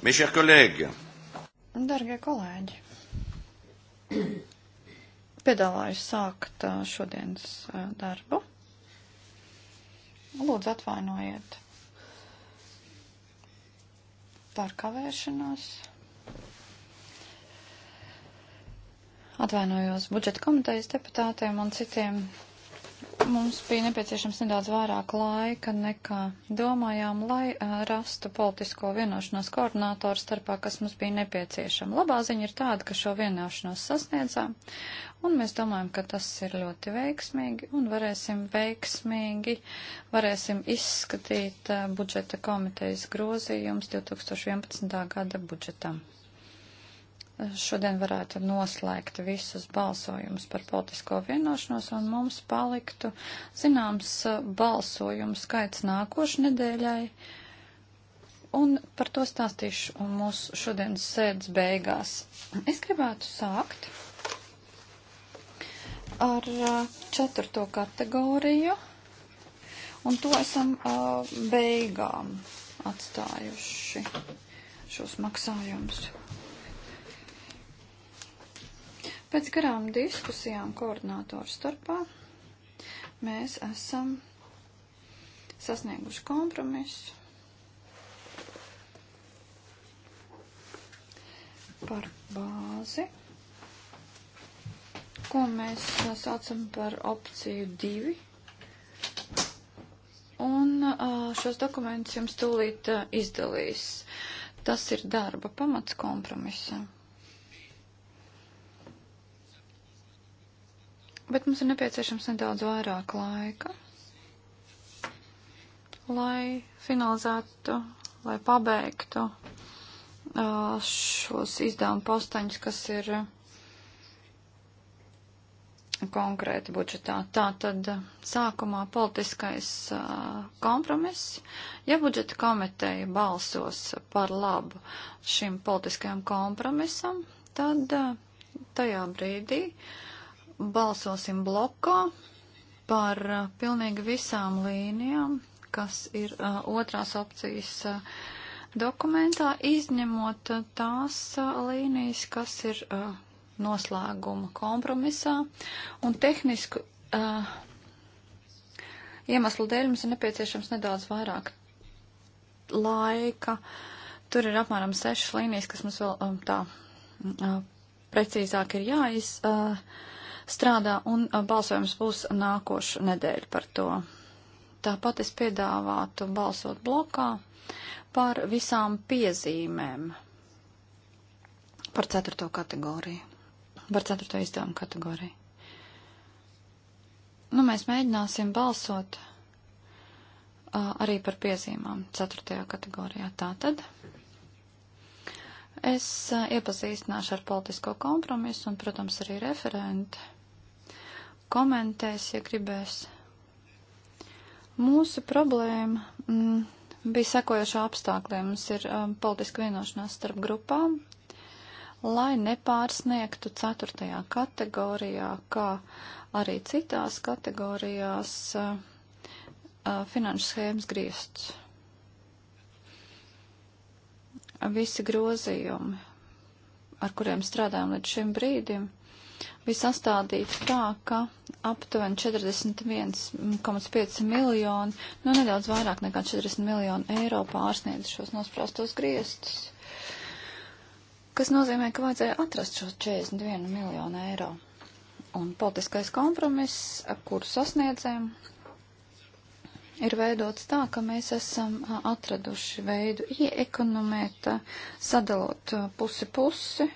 Mes chers collègues. Dargie kolēģi. Piedāvājos sākt uh, šodienas uh, darbu. Lūdzu, atvainojiet par kavēšanos. Atvainojos budžeta komitejas deputātiem un citiem mums bija nepieciešams nedaudz vairāk laika nekā domājām, lai rastu politisko vienošanos koordinātoru starpā, kas mums bija nepieciešama. Labā ziņa ir tāda, ka šo vienošanos sasniedzām, un mēs domājam, ka tas ir ļoti veiksmīgi, un varēsim veiksmīgi, varēsim izskatīt budžeta komitejas grozījums 2011. gada budžetam šodien varētu noslēgt visus balsojumus par politisko vienošanos, un mums paliktu zināms uh, balsojumu skaits nākošu nedēļai. Un par to stāstīšu mūsu šodienas sēdes beigās. Es gribētu sākt ar ceturto uh, kategoriju, un to esam uh, beigām atstājuši šos maksājumus. Pēc garām diskusijām koordinātoru starpā mēs esam sasnieguši kompromisu par bāzi, ko mēs saucam par opciju divi. Un šos dokumentus jums tūlīt izdalīs. Tas ir darba pamats kompromisam. Bet mums ir nepieciešams nedaudz vairāk laika, lai finalizētu, lai pabeigtu šos izdevumu postaņus, kas ir konkrēti budžetā. Tā tad sākumā politiskais kompromiss. Ja budžeta komiteja balsos par labu šim politiskajam kompromisam, tad tajā brīdī uh, balsosim blokā par uh, pilnīgi visām līnijām, kas ir uh, otrās opcijas uh, dokumentā, izņemot uh, tās uh, līnijas, kas ir uh, noslēguma kompromisā un tehnisku. Uh, Iemeslu dēļ mums ir nepieciešams nedaudz vairāk laika. Tur ir apmēram sešas līnijas, kas mums vēl um, tā mm, uh, precīzāk ir jāiz. Uh, strādā, un balsojums būs nākošu nedēļu par to. Tāpat es piedāvātu balsot blokā par visām piezīmēm par ceturto kategoriju, par ceturto izdevumu kategoriju. Nu, mēs mēģināsim balsot uh, arī par piezīmām ceturtajā kategorijā. Tātad es uh, iepazīstināšu ar politisko kompromisu un, protams, arī referenti komentēs, ja gribēs. Mūsu problēma mm, bija sekojoša apstākļiem. Mums ir um, politiska vienošanās starp grupām, lai nepārsniegtu ceturtajā kategorijā, kā arī citās kategorijās uh, uh, finanšu schēmas griestus. Visi grozījumi, ar kuriem strādājam līdz šim brīdim, bija sastādīts tā, ka aptuveni 41,5 miljoni, nu nedaudz vairāk nekā 40 miljoni eiro pārsniedz šos nospraustos griestus, kas nozīmē, ka vajadzēja atrast šos 41 miljonu eiro. Un politiskais kompromiss, kuru sasniedzēm, ir veidots tā, ka mēs esam atraduši veidu ieekonomēt, sadalot pusi pusi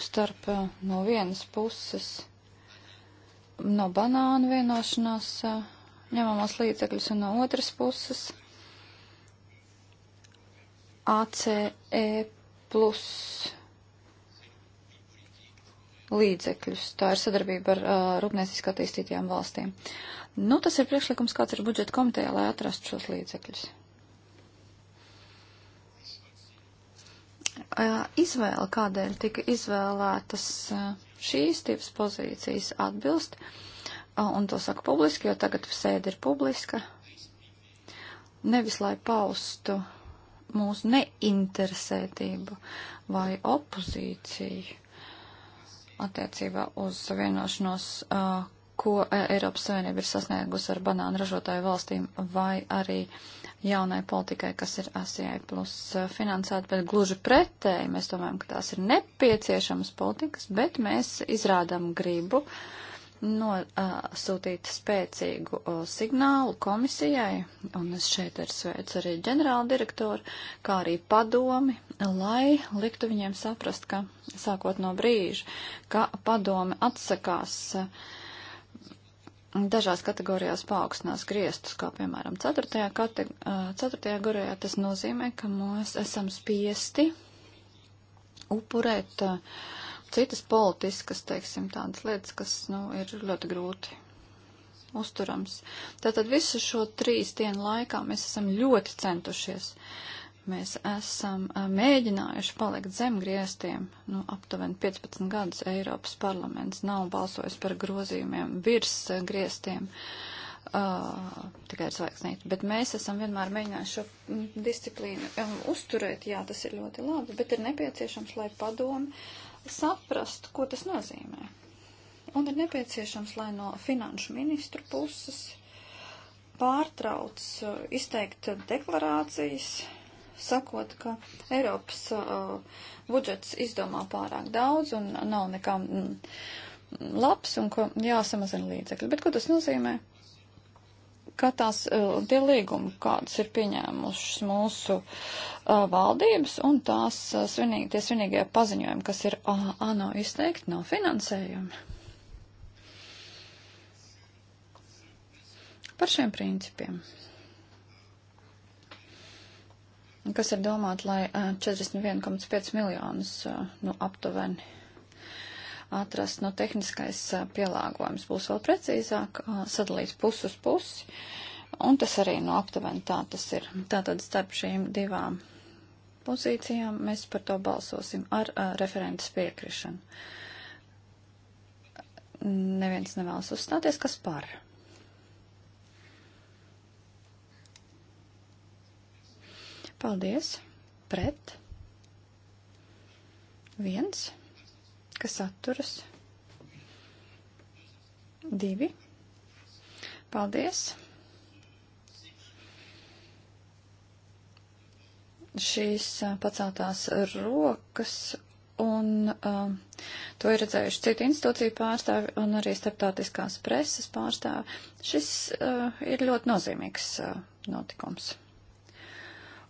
starp eh, no vienas puses no banānu vienošanās eh, ņemamos līdzekļus un no otras puses ACE plus līdzekļus. Tā ir sadarbība ar uh, rūpnieciski attīstītajām valstīm. Nu, tas ir priekšlikums, kāds ir budžeta komiteja, lai atrastu šos līdzekļus. izvēle, kādēļ tika izvēlētas šīs tipas pozīcijas, atbilst, un to saka publiski, jo tagad sēde ir publiska, nevis lai paustu mūsu neinteresētību vai opozīciju attiecībā uz vienošanos, ko Eiropas Savienība ir sasniegusi ar banānu ražotāju valstīm vai arī uh, jaunai politikai, kas ir ASEA plus eh, finansēta, bet gluži pretēji mēs domājam, ka tās ir nepieciešamas politikas, bet mēs izrādām gribu nosūtīt eh, spēcīgu eh, signālu komisijai, un es šeit ar sveicu arī ģenerāla direktoru, kā arī padomi, lai liktu viņiem saprast, ka sākot no brīža, ka padome atsakās uh, dažās kategorijās paaugstinās griestus, kā piemēram 4. Kate, 4. kategorijā, tas nozīmē, ka mēs esam spiesti upurēt citas politiskas, teiksim, tādas lietas, kas, nu, ir ļoti grūti uzturams. Tātad visu šo trīs dienu laikā mēs esam ļoti centušies. Uh, Mēs esam mēģinājuši palikt zem griestiem, nu, aptuveni 15 gadus Eiropas parlaments nav balsojis par grozījumiem virs griestiem, uh, tikai ir zvaigznīt, bet mēs esam vienmēr mēģinājuši šo disciplīnu um, uzturēt, jā, tas ir ļoti labi, bet ir nepieciešams, lai padomi saprastu, ko tas nozīmē. Un ir nepieciešams, lai no finanšu ministru puses pārtrauc izteikt deklarācijas, sakot, ka Eiropas uh, budžets izdomā pārāk daudz un nav nekā mm, labs un ka jāsamazina līdzekļi. Bet ko tas nozīmē? Ka tās uh, tie līgumi, kādas ir pieņēmušas mūsu uh, valdības un tās uh, svinīgi, tie svinīgie paziņojumi, kas ir uh, ANO izteikti, nav finansējumi. Par šiem principiem kas ir domāt, lai 41,5 miljonus, nu, aptuveni atrast, nu, tehniskais pielāgojums būs vēl precīzāk, sadalīts pus uz pusi, un tas arī, nu, aptuveni tā tas ir. Tātad starp šīm divām pozīcijām mēs par to balsosim ar, ar referentes piekrišanu. Neviens nevēlas uzstāties, kas par? Paldies. Pret. Viens, kas atturas. Divi. Paldies. šīs paceltās rokas, un uh, to ir redzējuši citu institūciju pārstāvi un arī starptautiskās preses pārstāvi. Šis uh, ir ļoti nozīmīgs uh, notikums.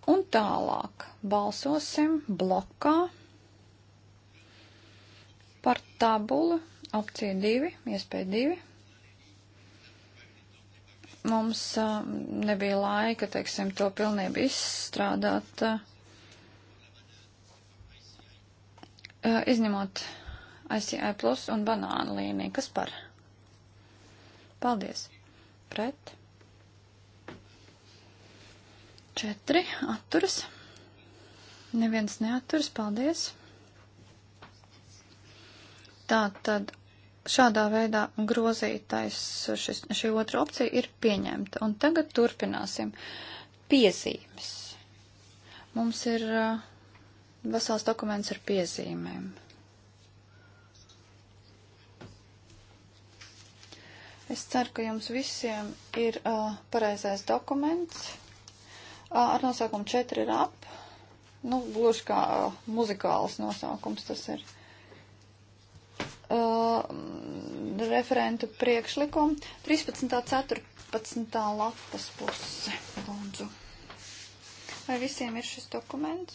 Un tālāk balsosim blokā par tabulu opcija 2, iespēja 2. Mums uh, nebija laika, teiksim, to pilnībā izstrādāt, uh, izņemot ICI plus un banānu līniju. Kas par? Paldies. Pret. Četri atturas. Neviens neatturas. Paldies. Tā tad šādā veidā grozītais šis, šī otra opcija ir pieņemta. Un tagad turpināsim. Piezīmes. Mums ir uh, vesels dokuments ar piezīmēm. Es ceru, ka jums visiem ir uh, pareizais dokuments ar nosaukumu 4 ir ap. Nu, gluži kā uh, muzikāls nosaukums tas ir. Uh, referentu priekšlikumu 13. 14. lapas puse. Lūdzu. Vai visiem ir šis dokuments?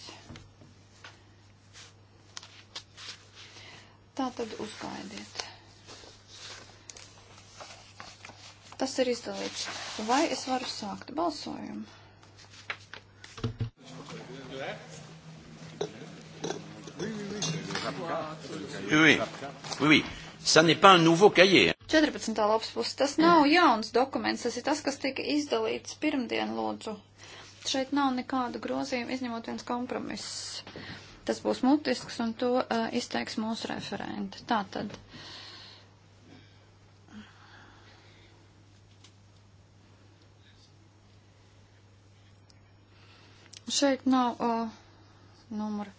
Tā tad uzgaidiet. Tas ir izdalīts. Vai es varu sākt balsojumu? Oui, oui. Ça n'est pas un nouveau cahier. 14. labs puses. Tas nav jauns dokuments, tas ir tas, kas tika izdalīts pirmdien, lūdzu. Šeit nav nekādu grozījumu, izņemot viens kompromiss. Tas būs mutisks, un to uh, izteiks mūsu referenti. Tātad. Šeit nav uh, numura.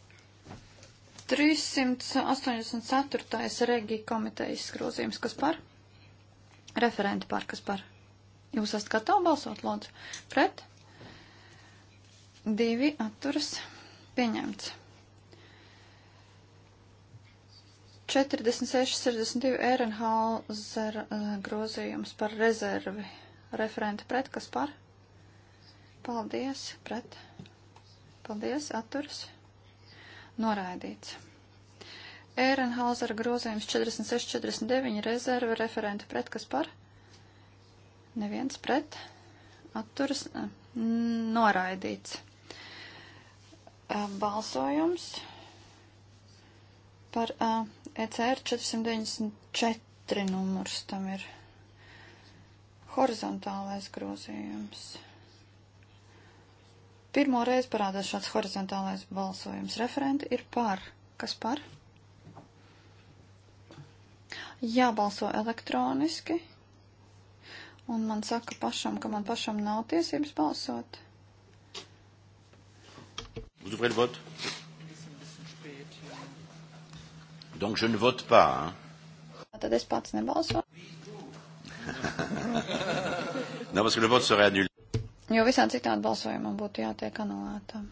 384. regi komitejas grozījums, kas par? Referenti par, kas par? Jūs esat gatavi balsot, lūdzu? Pret? Divi atturas pieņemts. 46, 62 Ehrenhauser uh, grozījums par rezervi. Referenti pret, kas par? Paldies, pret. Paldies, atturas. Noraidīts. Ērenhauzera grozījums 46-49 rezerve referenta pret, kas par? Neviens pret. Atturas eh, noraidīts. Eh, balsojums par ECR eh, e 494 numurs tam ir horizontālais grozījums. Pirmo reizi parādās šāds horizontālais balsojums. Referenti ir par. Kas par? Jābalso elektroniski. Un man saka pašam, ka man pašam nav tiesības balsot. Vous ouvrez le vote Donc je ne vote pas. Hein. Tad es pats nebalsoju. non, parce que le vote serait annulé. Jo visā citādi balsojumam būtu jātiek anulētam.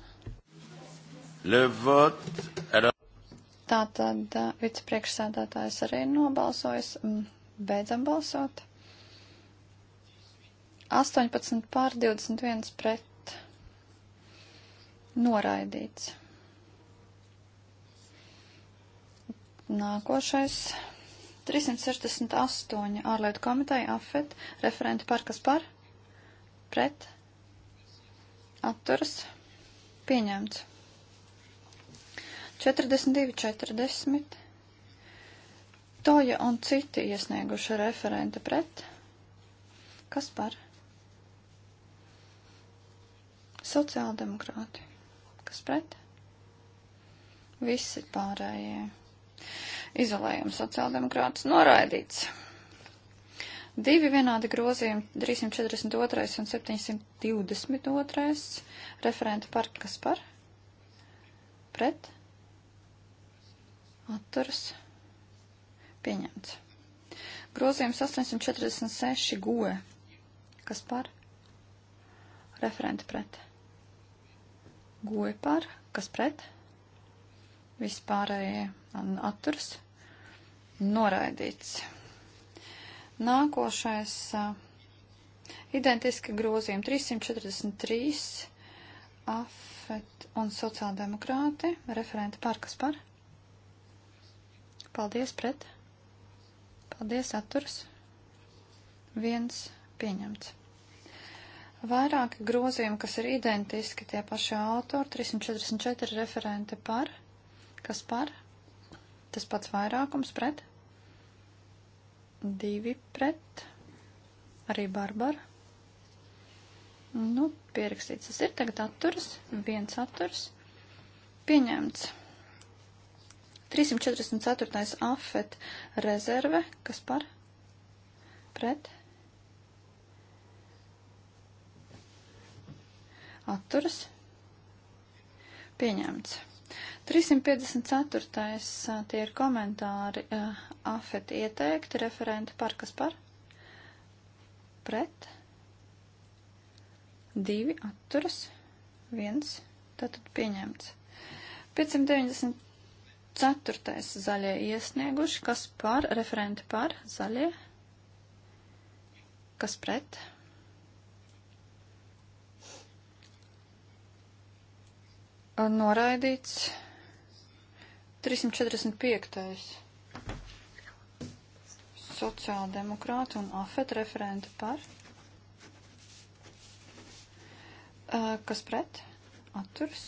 Tātad eh, vicepriekšsēdētājs arī nobalsojas. Mm, beidzam balsot. 18 pār 21 pret. Noraidīts. Nākošais. 368 ārlietu komiteja AFET referenti par kas par? Pret atturas pieņemts. 42, 40. Toja un citi iesnieguši referenta pret. Kas par? Sociāldemokrāti. Kas pret? Visi pārējie. Izolējums sociāldemokrāts noraidīts. Divi vienādi grozījumi, 342 un 722, referenta par kas par? Pret? Atturs? Pieņemts. Grozījums 846 goe. Kas par? Referenta pret. Goe par? Kas pret? Vispārējie atturs? Noraidīts. Nākošais identiski grozījumi 343, AFET un sociāldemokrāti, referenti par kas par. Paldies pret. Paldies atturs. Viens pieņemts. Vairāki grozījumi, kas ir identiski tie paši autori, 344 referenti par, kas par, tas pats vairākums pret, divi pret, arī Barbara. Nu, pierakstīts tas ir, tagad atturas, viens atturas, pieņemts. 344. afet rezerve, kas par? Pret? Atturas? Pieņemts. 354. tie ir komentāri AFET ieteikti, referenti par kas par? Pret. Divi atturas. Viens. Tātad pieņemts. 594. zaļie iesnieguši, kas par, referenti par, zaļie. Kas pret? Noraidīts. 345. Sociāldemokrāti un AFET referenti par. Kas pret? Atturs.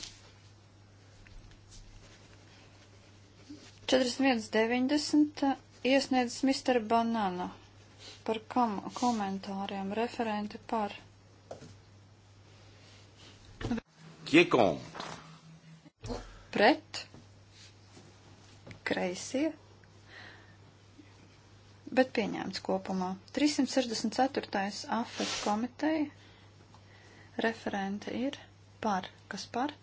41.90 iesniedzis Mr. Banana par kom komentāriem referenti par. Kiekon. Pret kreisie, bet pieņēmts kopumā. 364. afet komiteja referente ir par, kas par,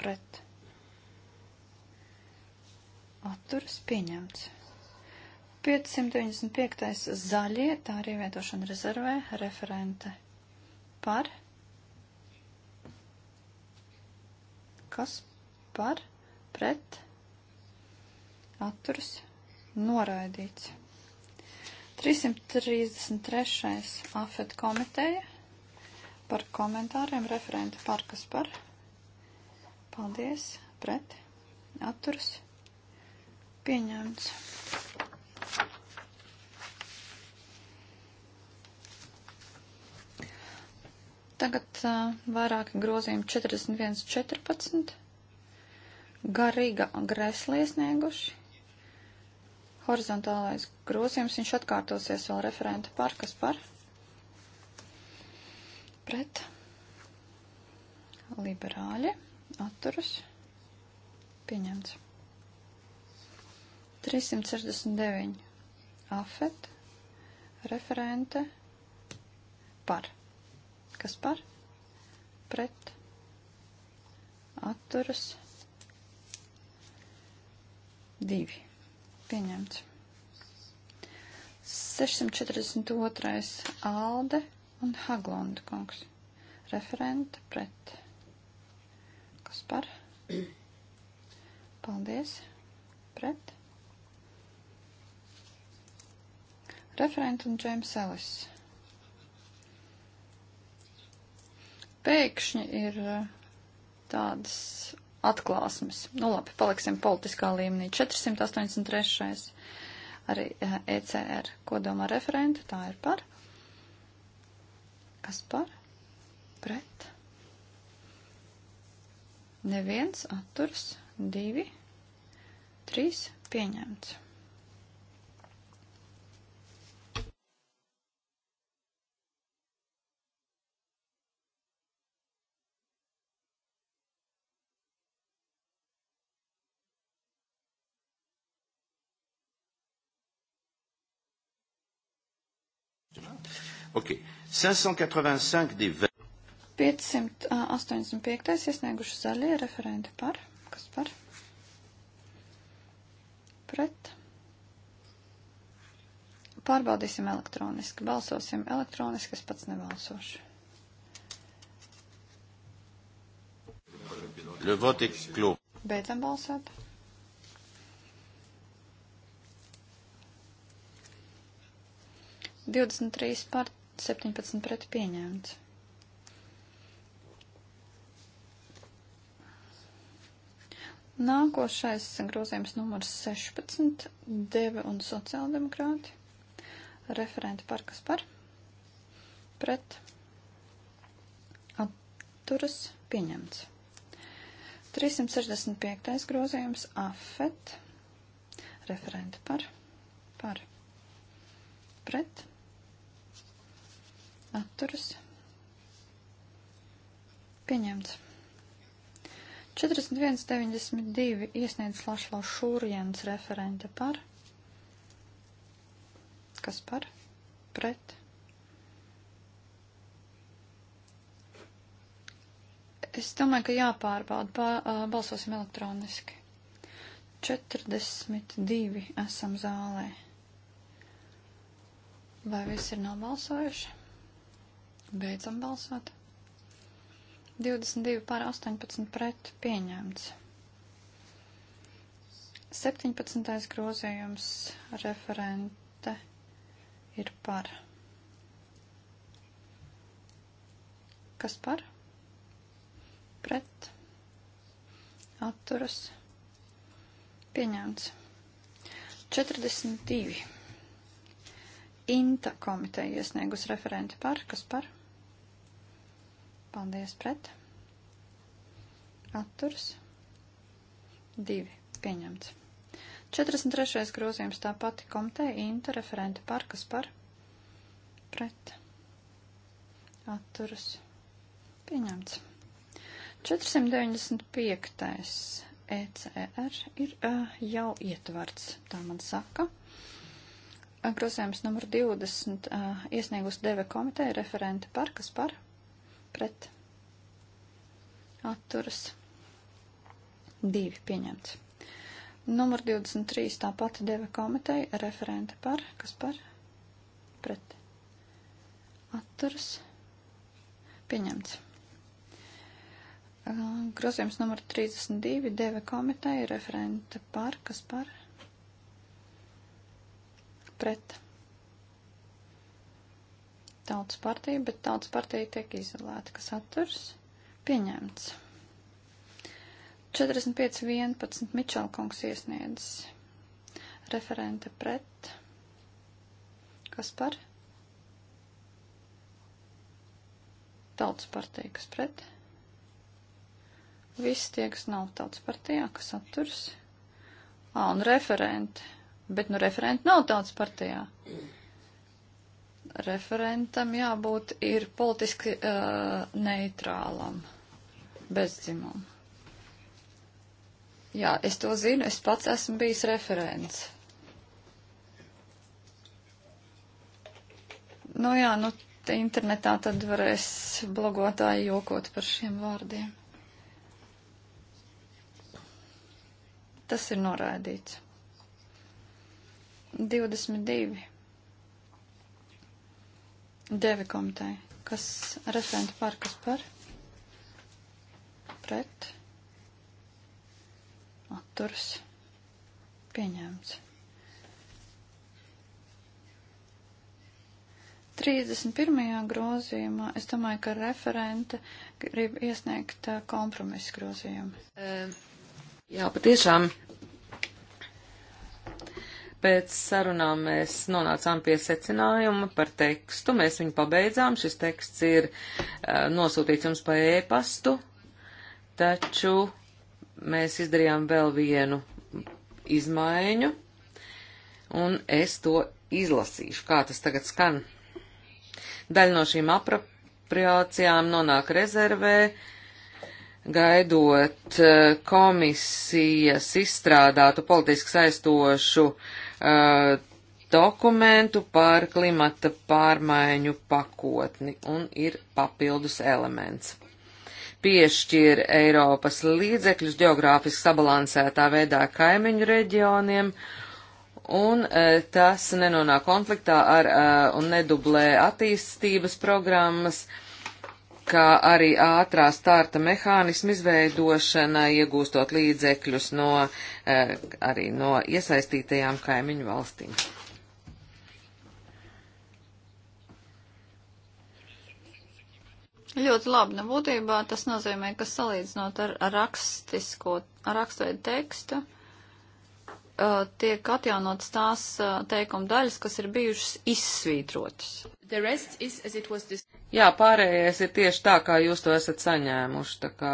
pret. Atturas pieņemts. 595. zaļie, tā arī vietošana rezervē, referente par, kas par, pret, atturas, noraidīts. 333. afet komiteja par komentāriem referenta parkas par. Paldies, pret, atturas, pieņemts. Tagad uh, vairāki grozījumi 41.14. Garīga Gresla iesnieguši. Horizontālais grozījums, viņš atkārtosies vēl referenta par, kas par? Pret. Liberāļi. Atturas. Pieņemts. 369. Afet. Referente. Par. Kas par? Pret. Atturas 2. Pieņemts. 642. Alde un Haglonda kungs. Referenta pret. Kas par? Paldies. Pret. Referenta un Džēms Ellis. Pēkšņi ir uh, tādas atklāsmes. Nu labi, paliksim politiskā līmenī. 483. arī ECR. Eh, e Ko domā referenta? Tā ir par. Kas par? Pret. Neviens atturs. Divi. Trīs. Pieņemts. Ok. 585 des 20. 585. iesnieguši zaļie referenti par. Kas par? Pret. Pārbaudīsim elektroniski. Balsosim elektroniski. Es pats nebalsošu. Le vote est clos. Beidzam balsot. Divdesmit trīs par 17 pret pieņemts. Nākošais grozījums numurs 16 - Deve un sociāldemokrāti. Referenti par kas par? Pret. Atturas pieņemts. 365. grozījums AFET. Referenti par? Par. Pret atturas pieņemts. 41.92 iesniedz Lašlau Šūrjens referente par. Kas par? Pret. Es domāju, ka jāpārbauda. Ba balsosim elektroniski. 42 esam zālē. Vai visi ir nobalsojuši? Beidzam balsot. 22 pār 18 pret pieņemts. 17. grozījums referente ir par. Kas par? Pret. Atturas. Pieņemts. 42. Inta komiteja iesniegus referenti par. Kas par? Paldies pret. Atturs. Divi. Pieņemts. 43. grozījums tā pati komiteja Inta referenta par, kas par. Pret. Atturs. Pieņemts. 495. ECR ir uh, jau ietverts, tā man saka. Grozījums numur 20 uh, iesniegus deve komiteja referenta par, kas par. Pret pret atturas divi pieņemts. Numur 23 tā pati deva komiteja referente par, kas par, pret atturas pieņemts. Grozījums numur 32 deva komiteja referente par, kas par, pret tautas partija, bet tautas partija tiek izolēta, kas atturs pieņemts. 45.11. Mičelkungs iesniedz referente pret. Kas par? Tautas partija, kas pret? Visi tie, kas nav tautas partijā, kas atturs. Ā, un referenti. Bet nu referenti nav tautas partijā. Mm referentam jābūt ir politiski uh, neitrālam, bezdzimam. Jā, es to zinu, es pats esmu bijis referents. Nu jā, nu te internetā tad varēs blogotāji jokot par šiem vārdiem. Tas ir noraidīts. 22. Devi komitei. Kas referenti par, kas par? Pret. Atturs. Pieņemts. 31. grozījumā es domāju, ka referente grib iesniegt uh, kompromisu grozījumu. Jā, patiešām Pēc sarunām mēs nonācām pie secinājuma par tekstu, mēs viņu pabeidzām, šis teksts ir uh, nosūtīts jums pa ēpastu, taču mēs izdarījām vēl vienu izmaiņu, un es to izlasīšu, kā tas tagad skan. Daļa no šīm apropriācijām nonāk rezervē, gaidot komisijas izstrādātu politiski saistošu uh, uh, dokumentu par klimata pārmaiņu pakotni un ir papildus elements. Piešķir Eiropas līdzekļus geogrāfiski sabalansētā veidā kaimiņu reģioniem un uh, tas nenonāk konfliktā ar uh, un nedublē attīstības programmas uh, kā arī ātrā starta mehānismu izveidošana, iegūstot līdzekļus no, eh, arī no iesaistītajām kaimiņu valstīm. Ļoti labi. Nu, būtībā tas nozīmē, ka salīdzinot ar rakstisko, ar rakstveidu tekstu, uh, uh, tiek atjaunotas tās uh, teikuma daļas, kas ir bijušas izsvītrotas. Jā, pārējais ir tieši tā, kā jūs to esat saņēmuši, tā kā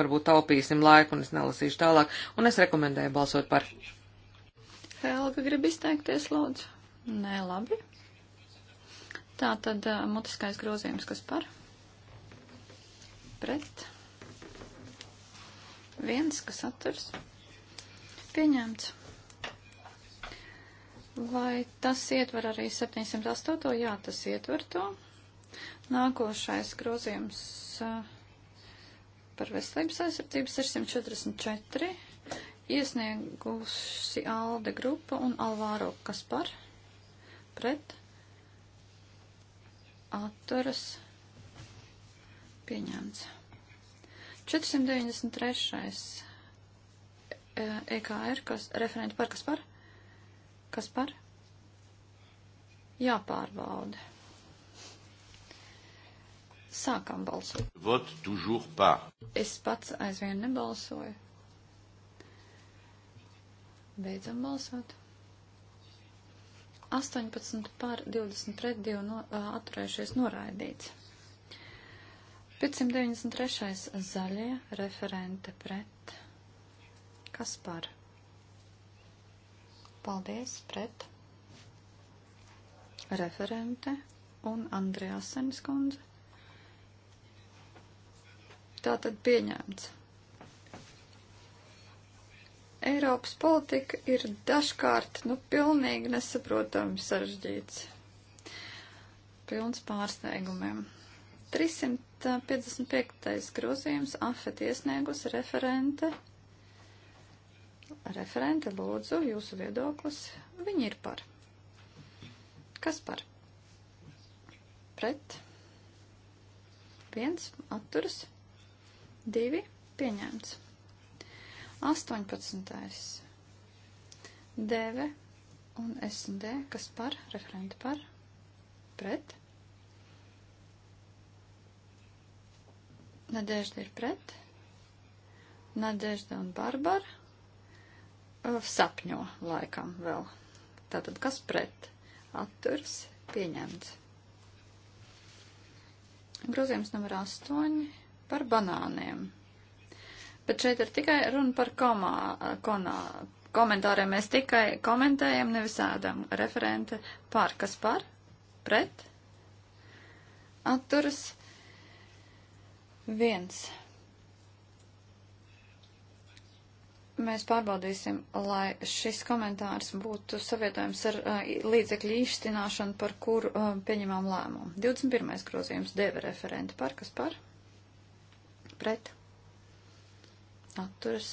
varbūt taupīsim laiku un es nelasīšu tālāk, un es rekomendēju balsot par. Helga grib izteikties, lūdzu. Nē, labi. Tā tad uh, mutiskais grozījums, kas par? Pret. Viens, kas atturs. Pieņemts. Vai tas ietver arī 708? Jā, tas ietver to. Nākošais grozījums eh, par veselības aizsardzību 644 iesniegusi Alde grupa un Alvāro Kaspar pret atturas pieņemts. 493. EKR, eh, e kas referenti par Kaspar Kas par? Jāpārbauda. Sākam balsot. Vot toujours pas. Es pats aizvien nebalsoju. Beidzam balsot. 18 pār 20 pret 2 no, atturējušies noraidīts. 593. zaļie referente pret. Kas par? Paldies pret referente un Andreasenes kundze. Tātad pieņemts. Eiropas politika ir dažkārt, nu, pilnīgi nesaprotami sarežģīts. Pilns pārsteigumiem. 355. grozījums afet iesniegus referente Referente, lūdzu, jūsu viedoklis. Viņi ir par. Kas par? Pret. Viens atturas. Divi pieņemts. 18. DV un SD, kas par, referenti par, pret. Nadežda ir pret. Nadežda un Barbara. Eh, sapņo laikam vēl. Tātad, kas pret? Atturs pieņemts. Grozījums numur 8 par banāniem. Bet šeit ir tikai runa par komā, konā, komentāriem. Mēs tikai komentējam, nevis ēdam. Referente par kas par? Pret? Atturas viens Mēs pārbaudīsim, lai šis komentārs būtu savietojams ar uh, līdzekļu īstināšanu, par kuru uh, pieņemam lēmumu. 21. grozījums deva referenti par, kas par? Pret. Atturas.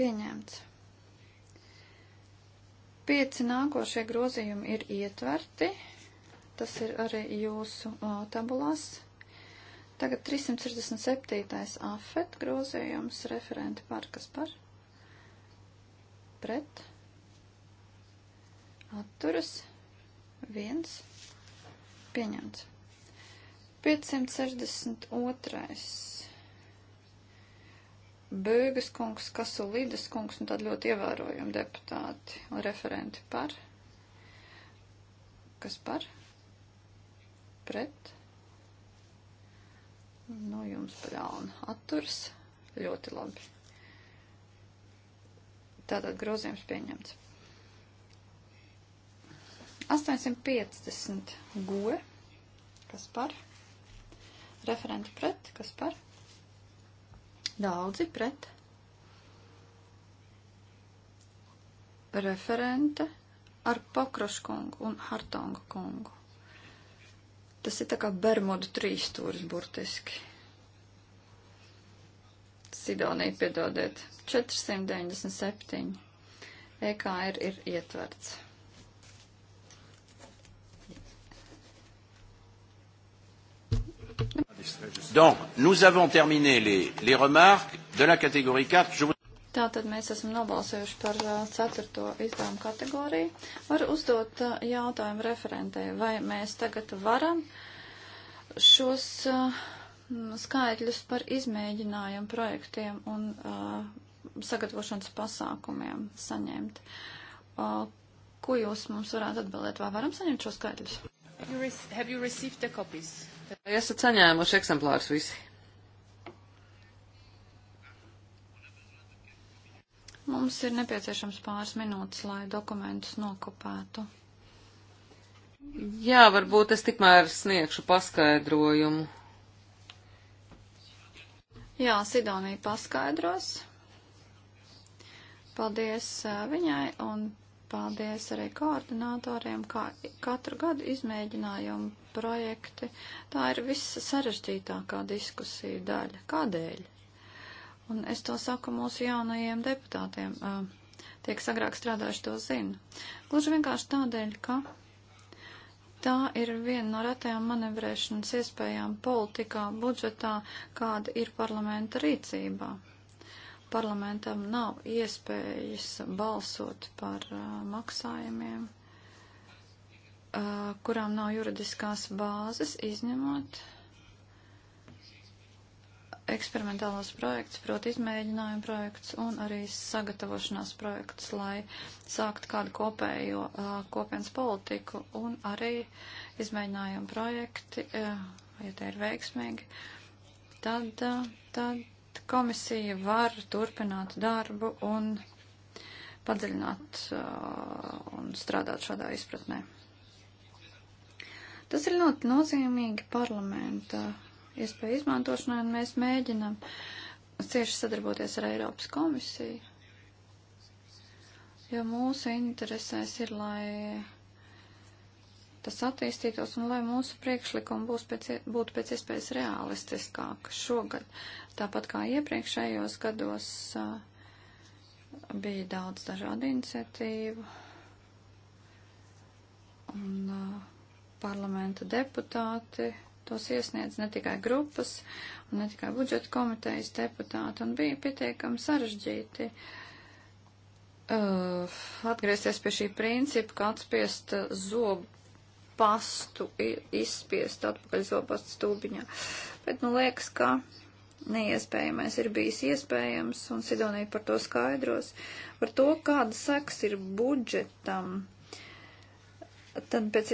Pieņemts. Pieci nākošie grozījumi ir ietverti. Tas ir arī jūsu uh, tabulās. Tagad 367. afet grozījums referenti par kas par pret atturas viens pieņemts. 562. Bēgas kungs, Kasulīdas kungs un tad ļoti ievērojumi deputāti un referenti par kas par pret atturas No jums pa jaunu atturs. Ļoti labi. Tātad grozījums pieņemts. 850 goe. Kas par? Referenti pret. Kas par? Daudzi pret. Referente ar Pokrošu kungu un Hartongu kungu. Tas ir tā kā Bermudu trīstūris burtiski. Sidonija, piedodiet, 497. EKR ir ietverts. Donc, nous avons terminé les, les remarques de la catégorie 4. Je vous... Tātad mēs esam nobalsojuši par ceturto izdevumu kategoriju. Var uzdot jautājumu referentei, vai mēs tagad varam šos skaitļus par izmēģinājumu projektiem un sagatavošanas pasākumiem saņemt. Ko jūs mums varētu atbildēt, vai varam saņemt šos skaitļus? Esat saņēmuši eksemplārus visi. Mums ir nepieciešams pāris minūtes, lai dokumentus nokopētu. Jā, varbūt es tikmēr sniegšu paskaidrojumu. Jā, Sidonija paskaidros. Paldies eh, viņai un paldies arī koordinatoriem, kā katru gadu izmēģinājumu projekti. Tā ir viss sarežģītākā diskusija daļa. Kādēļ? Un es to saku mūsu jaunajiem deputātiem. Tiek agrāk strādājuši, to zinu. Gluži vienkārši tādēļ, ka tā ir viena no retajām manevrēšanas iespējām politikā, budžetā, kāda ir parlamenta rīcībā. Parlamentam nav iespējas balsot par uh, maksājumiem, uh, kurām nav juridiskās bāzes, izņemot eksperimentālos projekts, proti izmēģinājumu projekts un arī sagatavošanās projekts, lai sākt kādu kopējo uh, kopienas politiku un arī izmēģinājumu projekti, uh, ja tie ir veiksmīgi, tad, uh, tad komisija var turpināt darbu un padziļināt uh, un strādāt šādā izpratnē. Tas ir ļoti nozīmīgi parlamenta. Uh, iespēju izmantošanai, un mēs mēģinam cieši sadarboties ar Eiropas komisiju, jo mūsu interesēs ir, lai tas attīstītos un lai mūsu priekšlikumi būs pēc, būtu pēc iespējas realistiskāk šogad. Tāpat kā iepriekšējos gados bija daudz dažādu iniciatīvu un parlamenta deputāti tos iesniedz ne tikai grupas un ne tikai budžeta komitejas deputāti, un bija pietiekami sarežģīti uh, atgriezties pie šī principa, kā atspiest zobu pastu, izspiest atpakaļ zobastu stūbiņā. Bet, nu, liekas, ka neiespējamais ir bijis iespējams, un Sidonija par to skaidros, par to, kāda seks ir budžetam tad pēc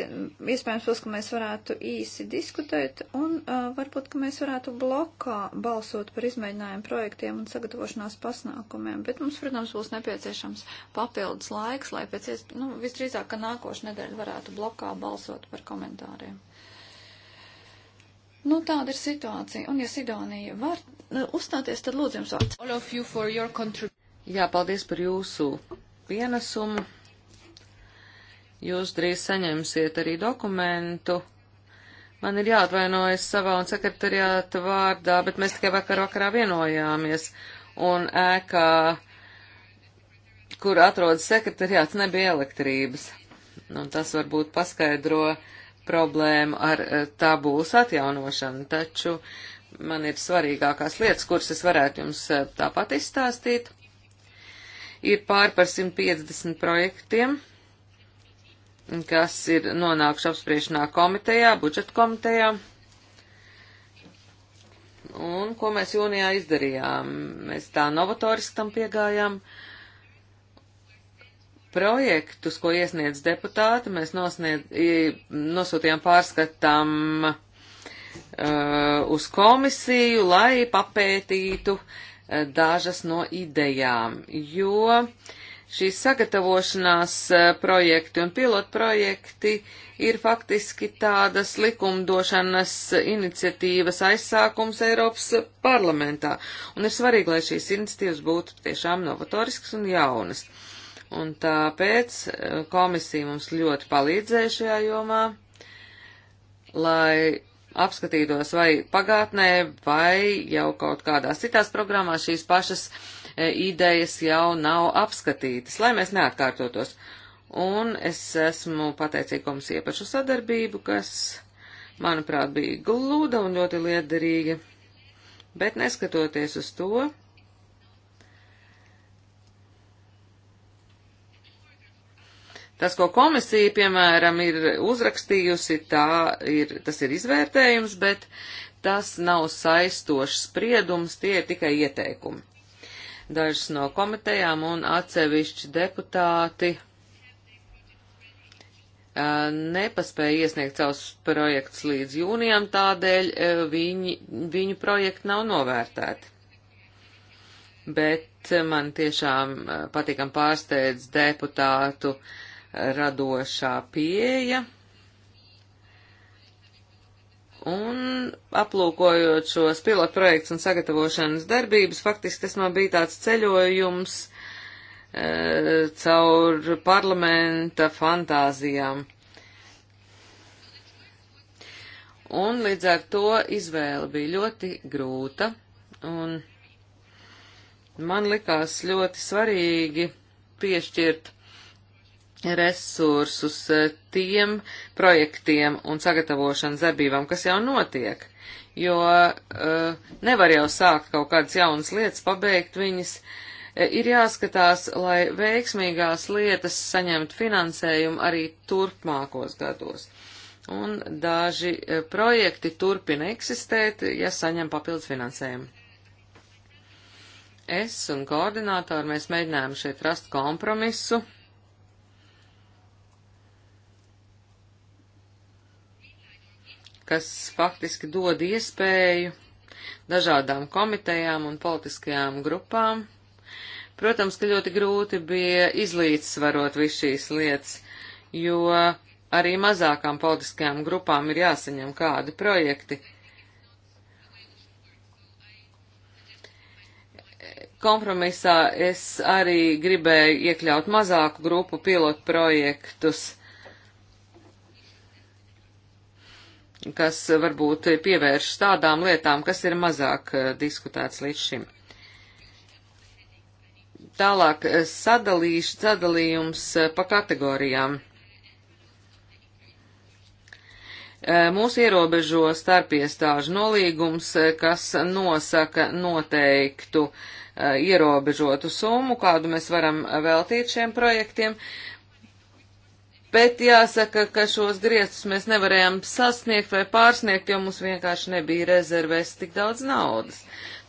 iespējams būs, ka mēs varētu īsi diskutēt un uh, varbūt, ka mēs varētu blokā balsot par izmēģinājumu projektiem un sagatavošanās pasākumiem, bet mums, protams, būs nepieciešams papildus laiks, lai pēc iespējas, nu, visdrīzāk, ka nākošu nedēļu varētu blokā balsot par komentāriem. Nu, tāda ir situācija, un ja Sidonija var nu, uzstāties, tad lūdzu jums vārds. You Jā, paldies par jūsu pienesumu. Jūs drīz saņemsiet arī dokumentu. Man ir jāatvainojas savā un sekretariāta vārdā, bet mēs tikai vakar vakarā vienojāmies. Un ēkā, kur atrodas sekretariāts, nebija elektrības. Un nu, tas varbūt paskaidro problēmu ar eh, tabūs atjaunošanu, taču man ir svarīgākās lietas, kuras es varētu jums eh, tāpat izstāstīt. Ir pār par 150 projektiem kas ir nonākuši apspriešanā komitejā, budžeta komitejā. Un ko mēs jūnijā izdarījām? Mēs tā novatoriski tam piegājām. Projektus, ko iesniedz deputāti, mēs nosniedz, nosūtījām pārskatām uh, uz komisiju, lai papētītu uh, dažas no idejām, jo uh, Šīs sagatavošanās e, projekti un pilotprojekti ir faktiski tādas likumdošanas iniciatīvas aizsākums Eiropas parlamentā, un ir svarīgi, lai šīs iniciatīvas būtu tiešām novatoriskas un jaunas. Un tāpēc e, komisija mums ļoti palīdzēja šajā jomā, lai apskatītos vai pagātnē, vai jau kaut kādās citās programmās šīs pašas uh, E, idejas jau nav apskatītas, lai mēs neatkārtotos. Un es esmu pateicīga komisija par šo sadarbību, kas, manuprāt, bija glūda un ļoti liederīga. Bet neskatoties uz to, Tas, ko komisija, piemēram, ir uzrakstījusi, tā ir, tas ir izvērtējums, bet tas nav saistošs spriedums, tie ir tikai ieteikumi. Dažas no komitejām un atsevišķi deputāti nepaspēja iesniegt savus projektus līdz jūnijam, tādēļ viņi, viņu projekti nav novērtēti. Bet man tiešām patīkam pārsteidz deputātu radošā pieeja. Un aplūkojot šos pilotprojekts un sagatavošanas darbības, faktiski tas man bija tāds ceļojums e, caur parlamenta fantāzijām. Un līdz ar to izvēle bija ļoti grūta, un man likās ļoti svarīgi piešķirt resursus eh, tiem projektiem un sagatavošanas darbībām, kas jau notiek, jo uh, nevar jau sākt kaut kādas jaunas lietas, pabeigt viņas. Eh, ir jāskatās, lai veiksmīgās lietas saņemtu finansējumu arī turpmākos gados. Un daži projekti turpina eksistēt, ja saņem papildus finansējumu es un koordinātori mēs mēģinājām šeit rast kompromisu, kas faktiski dod iespēju dažādām komitejām un politiskajām grupām. Protams, ka ļoti grūti bija izlīdzsvarot visu šīs lietas, jo arī mazākām politiskajām grupām ir jāsaņem kādi projekti. Kompromisā es arī gribēju iekļaut mazāku grupu pilotu projektus kas varbūt pievērš tādām lietām, kas ir mazāk eh, diskutēts līdz šim. Tālāk eh, sadalīšu, sadalījums eh, pa kategorijām. Mūs ierobežo starpiestāžu nolīgums, kas nosaka noteiktu ierobežotu summu, kādu mēs varam veltīt šiem projektiem, Bet jāsaka, ka šos griestus mēs nevarējām sasniegt vai pārsniegt, jo mums vienkārši nebija rezervēs tik daudz naudas.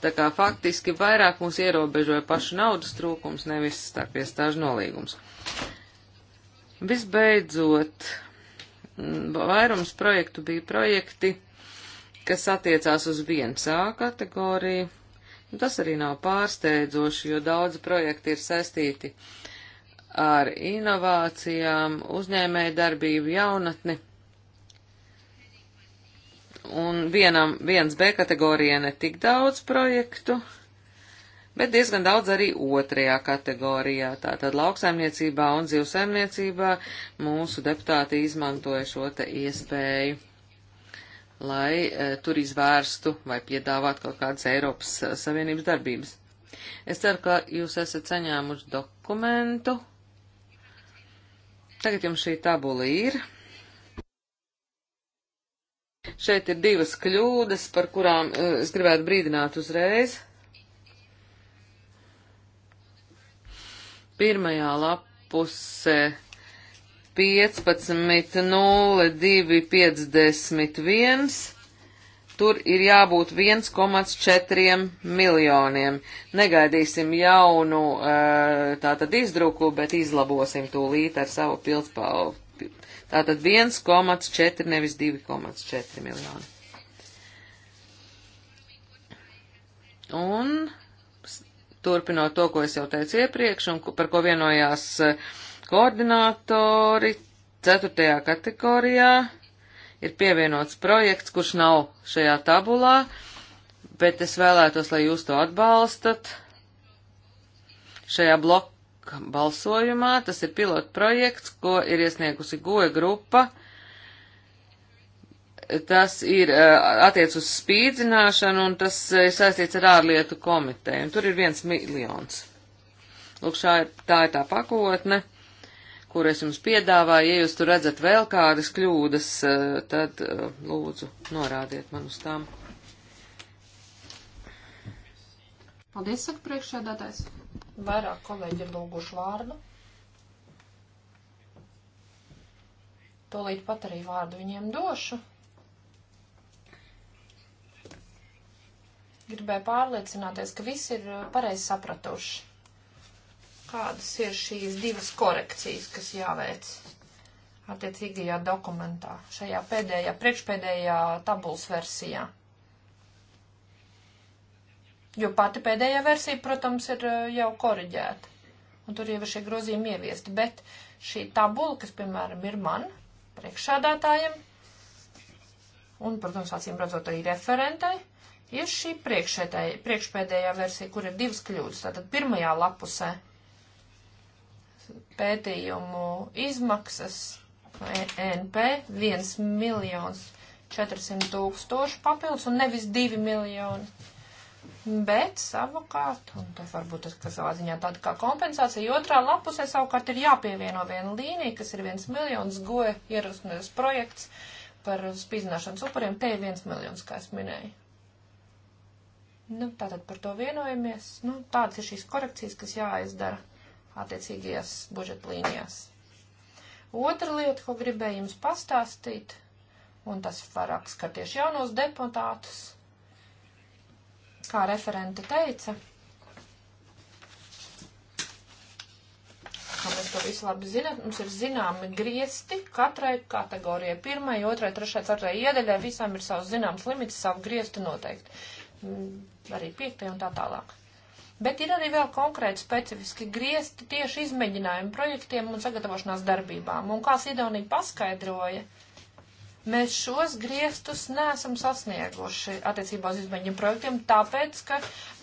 Tā kā faktiski vairāk mūs ierobežoja pašu naudas trūkums, nevis starpiestāžu nolīgums. Visbeidzot, vairums projektu bija projekti, kas attiecās uz 1A kategoriju. Tas arī nav pārsteidzoši, jo daudzi projekti ir saistīti ar ar inovācijām, uzņēmēju darbību, jaunatni. Un vienam, viens B kategorijā ne tik daudz projektu, bet diezgan daudz arī otrajā kategorijā. Tātad lauksaimniecībā un zivsaimniecībā mūsu deputāti izmantoja šo te iespēju, lai e, tur izvērstu vai piedāvātu kaut kādas Eiropas e, Savienības darbības. Es ceru, ka jūs esat saņēmuši dokumentu Tagad jums šī tabula ir. Šeit ir divas kļūdas, par kurām eh, es gribētu brīdināt uzreiz. Pirmajā lapusē 15.02.51 tur ir jābūt 1,4 miljoniem. Negaidīsim jaunu eh, tātad izdruku, bet izlabosim tūlīt ar savu pilspālu. Tātad 1,4 nevis 2,4 miljoni. Un turpinot to, ko es jau teicu iepriekš un par ko vienojās eh, koordinātori 4. kategorijā ir pievienots projekts, kurš nav šajā tabulā, bet es vēlētos, lai jūs to atbalstat šajā bloka balsojumā. Tas ir pilota projekts, ko ir iesniegusi goja grupa. Tas ir eh, attiec uz spīdzināšanu un tas eh, ir saistīts ar ārlietu komiteju. Un tur ir viens miljons. Lūk, šā ir, tā ir tā pakotne. Uh, kur es jums piedāvāju, ja jūs tur redzat vēl kādas kļūdas, eh, tad eh, lūdzu norādiet man uz tām. Paldies, saka priekšsēdētājs. Vairāk kolēģi ir lūguši vārdu. Tolīt pat arī vārdu viņiem došu. Gribēju pārliecināties, ka visi ir eh, pareizi sapratuši kādas ir šīs divas korekcijas, kas jāveic attiecīgajā dokumentā, šajā pēdējā, priekšpēdējā tabulas versijā. Jo pati pēdējā versija, protams, ir eh, jau koriģēta. Un tur jau ir šie grozījumi ieviesti. Bet šī tabula, kas, piemēram, ir man, priekšādātājiem, un, protams, acīm redzot arī referentai, ir šī priekšpēdējā versija, kur ir divas kļūdas. Tātad pirmajā lapusē pētījumu izmaksas NP e 1 miljons 400 tūkstoši papildus un nevis 2 miljoni. Bet savukārt, un tas varbūt tas, kas savā ziņā tāda kā kompensācija, otrā lapusē savukārt ir jāpievieno viena līnija, kas ir viens miljons goja ierasnies projekts par spīdzināšanas upuriem, te ir viens miljons, kā es minēju. Nu, tātad par to vienojamies. Nu, tāds ir šīs korekcijas, kas jāizdara attiecīgajās budžeta līnijās. Otra lieta, ko gribēju jums pastāstīt, un tas vairāk skar tieši jaunos deputātus, kā referente teica, kā mēs to visu labi zinām, mums ir zināmi griesti katrai kategorijai. Pirmai, otrai, trešai, ceturtai iedaļai visām ir savs zināms limits, savu griezti noteikti. Mm, arī piektai un tā tālāk. Bet ir arī vēl konkrēti specifiski griezti tieši izmēģinājumu projektiem un sagatavošanās darbībām. Un kā Sidonija paskaidroja, mēs šos griestus nesam sasnieguši attiecībā uz izmēģinājumu projektiem, tāpēc, ka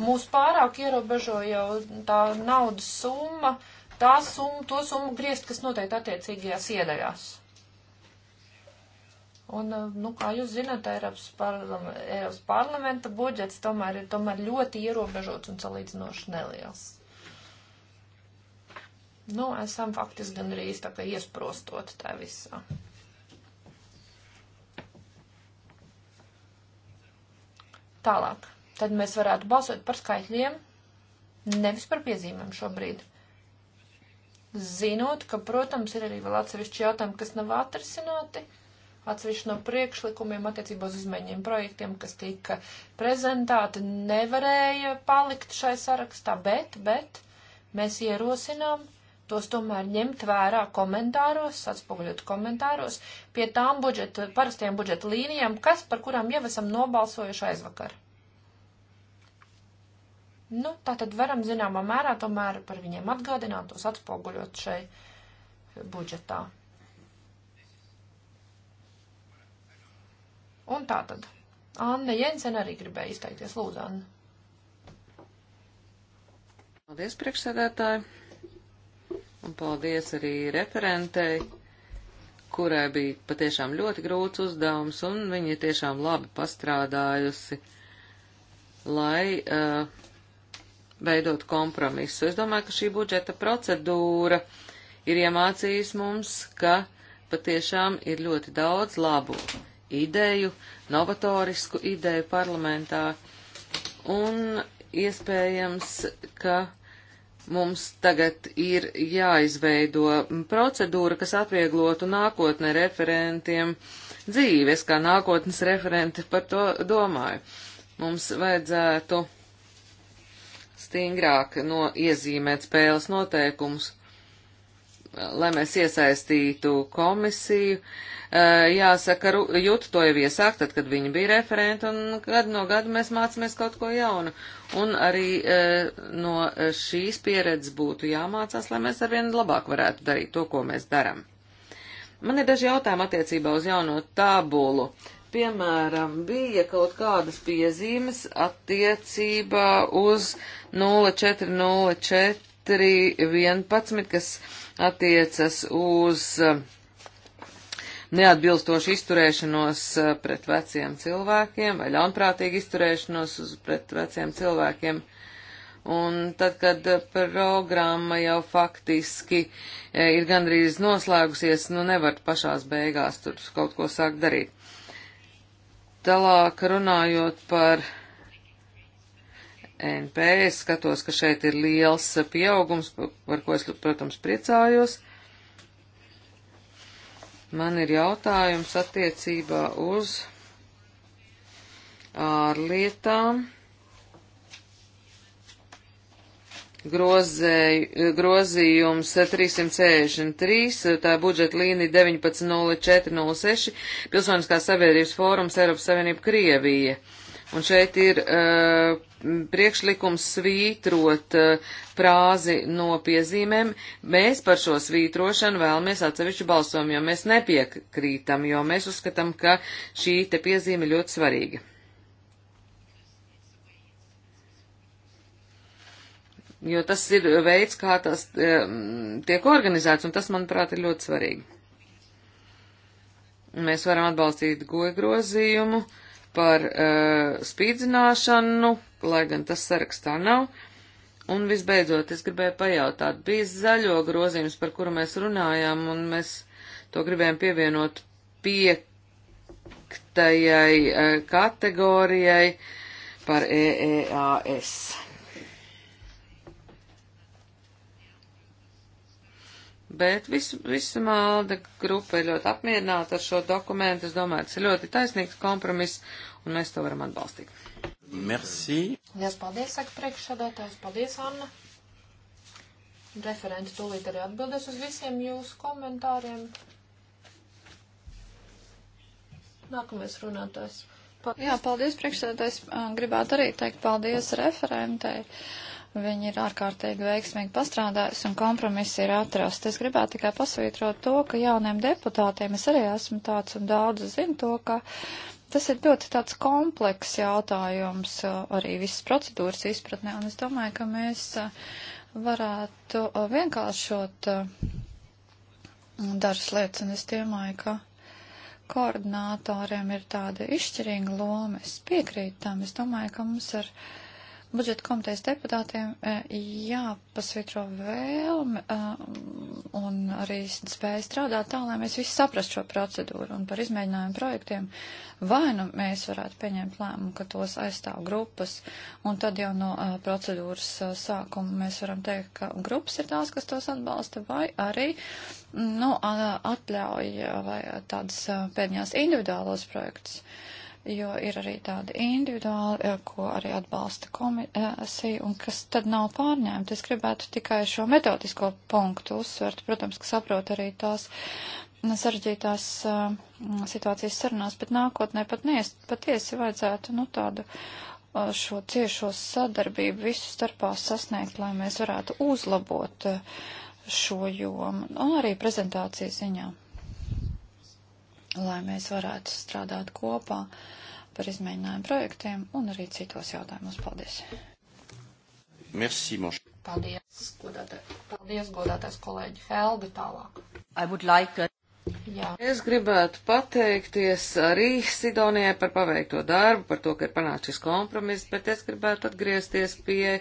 mūs pārāk ierobežo jau tā naudas summa, tā summa, to summu griezt, kas noteikti attiecīgajās iedaļās. Un, eh, nu, kā jūs zināt, Eiropas, parlam Eiropas parlamenta budžets tomēr ir tomēr ļoti ierobežots un salīdzinoši neliels. Nu, esam faktiski gandrīz tā kā iesprostot tā visā. Tālāk. Tad mēs varētu balsot par skaitļiem, nevis par piezīmēm šobrīd. Zinot, ka, protams, ir arī vēl atsevišķi jautājumi, kas nav atrisināti. Atsevišķi no priekšlikumiem attiecībā uz izmaiņiem projektiem, kas tika prezentēti, nevarēja palikt šai sarakstā, bet, bet mēs ierosinām tos tomēr ņemt vērā komentāros, atspoguļot komentāros pie tām budžeta, parastajām budžeta līnijām, kas, par kurām jau esam nobalsojuši aizvakar. Nu, tā tad varam zināmā mērā tomēr par viņiem atgādināt, tos atspoguļot šai budžetā. Un tā tad. Anna Jensen arī gribēja izteikties. Lūdzu, Anna. Paldies, priekšsēdētāji. Un paldies arī referentei, kurai bija patiešām ļoti grūts uzdevums, un viņa ir tiešām labi pastrādājusi, lai uh, veidot kompromisu. Es domāju, ka šī budžeta procedūra ir iemācījis mums, ka patiešām ir ļoti daudz labu ideju, novatorisku ideju parlamentā, un iespējams, ka mums tagad ir jāizveido procedūra, kas atvieglotu nākotnē referentiem dzīves, kā nākotnes referenti par to domāju. Mums vajadzētu stingrāk no iezīmēt spēles noteikumus, lai mēs iesaistītu komisiju. Jāsaka, jūtu to jau iesākt, tad, kad viņi bija referenti, un gadu no gada mēs mācāmies kaut ko jaunu. Un arī no šīs pieredzes būtu jāmācās, lai mēs arvien labāk varētu darīt to, ko mēs daram. Man ir daži jautājumi attiecībā uz jauno tabulu. Piemēram, bija kaut kādas piezīmes attiecībā uz 0404 arī 11, kas attiecas uz eh, neatbilstošu izturēšanos eh, pret veciem cilvēkiem vai ļaunprātīgu izturēšanos pret veciem cilvēkiem. Un tad, kad programma jau faktiski eh, ir gandrīz noslēgusies, nu nevar pašās beigās tur kaut ko sākt darīt. Tālāk runājot par NP. Es skatos, ka šeit ir liels pieaugums, par ko es, protams, priecājos. Man ir jautājums attiecībā uz ārlietām. Grozēju, grozījums 363, tā budžeta līnija 19.04.06, Pilsoniskā sabiedrības fórums Eiropas Savienība Krievija. Uh, Un šeit ir uh, priekšlikums svītrot uh, eh, prāzi no piezīmēm. Mēs par šo svītrošanu vēlamies atsevišķu balsojumu, jo mēs nepiekrītam, jo mēs uzskatām, ka šī te piezīme ļoti svarīga. Jo tas ir veids, kā tas uh, tiek organizēts, un tas, manuprāt, ir ļoti svarīgi. Mēs varam atbalstīt goja grozījumu. Uh, par uh, spīdzināšanu, lai gan tas sarakstā nav. Un visbeidzot, es gribēju pajautāt, bija zaļo grozījums, par kuru mēs runājām, un mēs to gribējām pievienot piektajai uh, kategorijai par EEAS. Bet vis, visa māda grupa ir ļoti apmierināta ar šo dokumentu. Es domāju, tas ir ļoti taisnīgs kompromiss, un mēs to varam atbalstīt. Merci. Lielas paldies, saka priekšsādātājs. Paldies, Anna. Referenti tūlīt arī atbildēs uz visiem jūsu komentāriem. Nākamais runātājs. Paldies. Jā, paldies, priekšsēdētājs. Gribētu arī teikt paldies referentei. Uh, Viņi ir ārkārtīgi veiksmīgi pastrādājusi un kompromisi ir atrast. Es gribētu tikai pasvītrot to, ka jauniem deputātiem es arī esmu tāds un daudz zinu to, ka tas ir ļoti tāds kompleks jautājums uh, arī visas procedūras izpratnē. Un es domāju, ka mēs uh, varētu uh, vienkāršot dažas lietas. Un es domāju, ka koordinātoriem ir tāda izšķirīga loma. Es piekrītu tam. Es domāju, ka mums ar. Ir budžeta komitejas deputātiem e, jāpasvitro vēlme e, un arī spēja strādāt tā, lai mēs visi saprastu šo procedūru un par izmēģinājumu projektiem. Vai nu mēs varētu pieņemt lēmumu, ka tos aizstāv grupas, un tad jau no e, procedūras sākuma mēs varam teikt, ka grupas ir tās, kas tos atbalsta, vai arī nu, atļauj vai tādas pēdējās individuālos projektus. Uh, jo ir arī tādi individuāli, eh, ko arī atbalsta komisija, un kas tad nav pārņēmti. Es gribētu tikai šo metodisko punktu uzsvert, protams, ka saprot arī tās sarežģītās eh, situācijas sarunās, bet nākotnē pat neiest, patiesi vajadzētu, nu, tādu eh, šo ciešo sadarbību visu starpā sasniegt, lai mēs varētu uzlabot šo jomu, un arī prezentācijas ziņā lai mēs varētu strādāt kopā par izmēģinājumu projektiem un arī citos jautājumus. Paldies! Merci, mon... Paldies, godātais, paldies, godātais kolēģi Helga, tālāk. Like a... Jā. Es gribētu pateikties arī Sidonijai par paveikto darbu, par to, ka ir panācis šis kompromiss, bet es gribētu atgriezties pie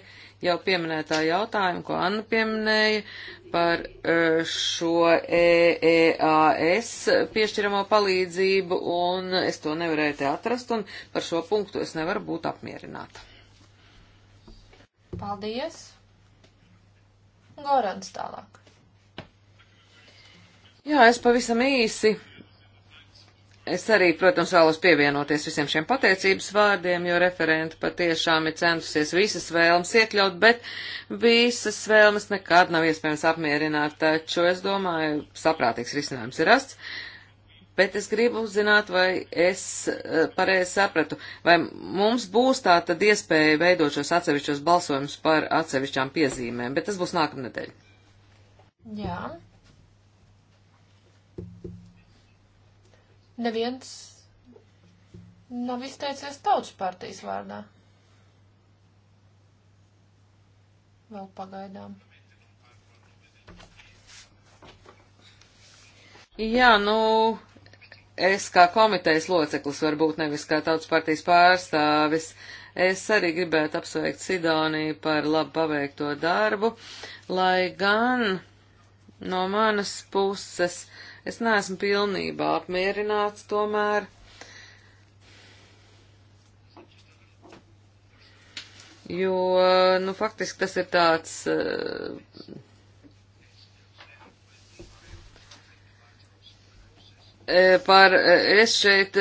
jau pieminētā jautājuma, ko Anna pieminēja par eh, šo EEAS piešķiramo palīdzību, un es to nevarēju te atrast, un par šo punktu es nevaru būt apmierināta. Paldies! Gorans tālāk. Jā, es pavisam īsi. Es arī, protams, vēlos pievienoties visiem šiem pateicības vārdiem, jo referenti patiešām ir centusies visas vēlmes iekļaut, bet visas vēlmes nekad nav iespējams apmierināt, taču es domāju, saprātīgs risinājums ir rasts. Bet es gribu uzzināt, vai es eh, pareizi sapratu, vai mums būs tā tad iespēja veidot šos atsevišķos balsojumus par atsevišķām piezīmēm, bet tas būs nākamnedēļ. Jā. Yeah. neviens nav izteicies tautas partijas vārdā. Vēl pagaidām. Jā, nu, es kā komitejas loceklis, varbūt nevis kā tautas partijas pārstāvis, es arī gribētu apsveikt Sidoniju par labu paveikto darbu, lai gan no manas puses uh, Es neesmu pilnībā apmierināts tomēr. Jo, nu, faktiski tas ir tāds. Eh, eh, par, eh, es šeit,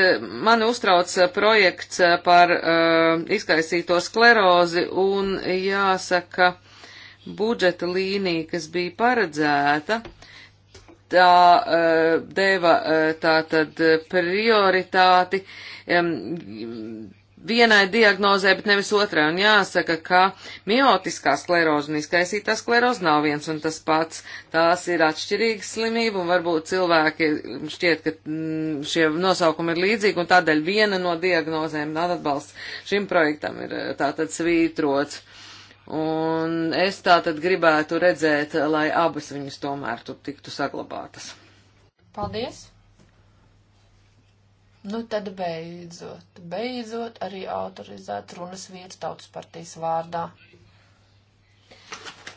mani uztrauc projekts par izkaisīto sklerozi un jāsaka budžeta līnija, kas bija paredzēta, tā eh, deva eh, tātad prioritāti vienai diagnozē, bet nevis otrai. Un jāsaka, ka miotiskā skleroza un izkaisītā skleroza nav viens un tas pats. Tās ir atšķirīgas slimība un varbūt cilvēki šķiet, ka mm, šie nosaukumi ir līdzīgi un tādēļ viena no diagnozēm atbalsts šim projektam ir eh, tātad svītrots. Un es tā tad gribētu redzēt, lai abas viņas tomēr tur tiktu saglabātas. Paldies! Nu tad beidzot, beidzot arī autorizēt runas vietu tautas partijas vārdā.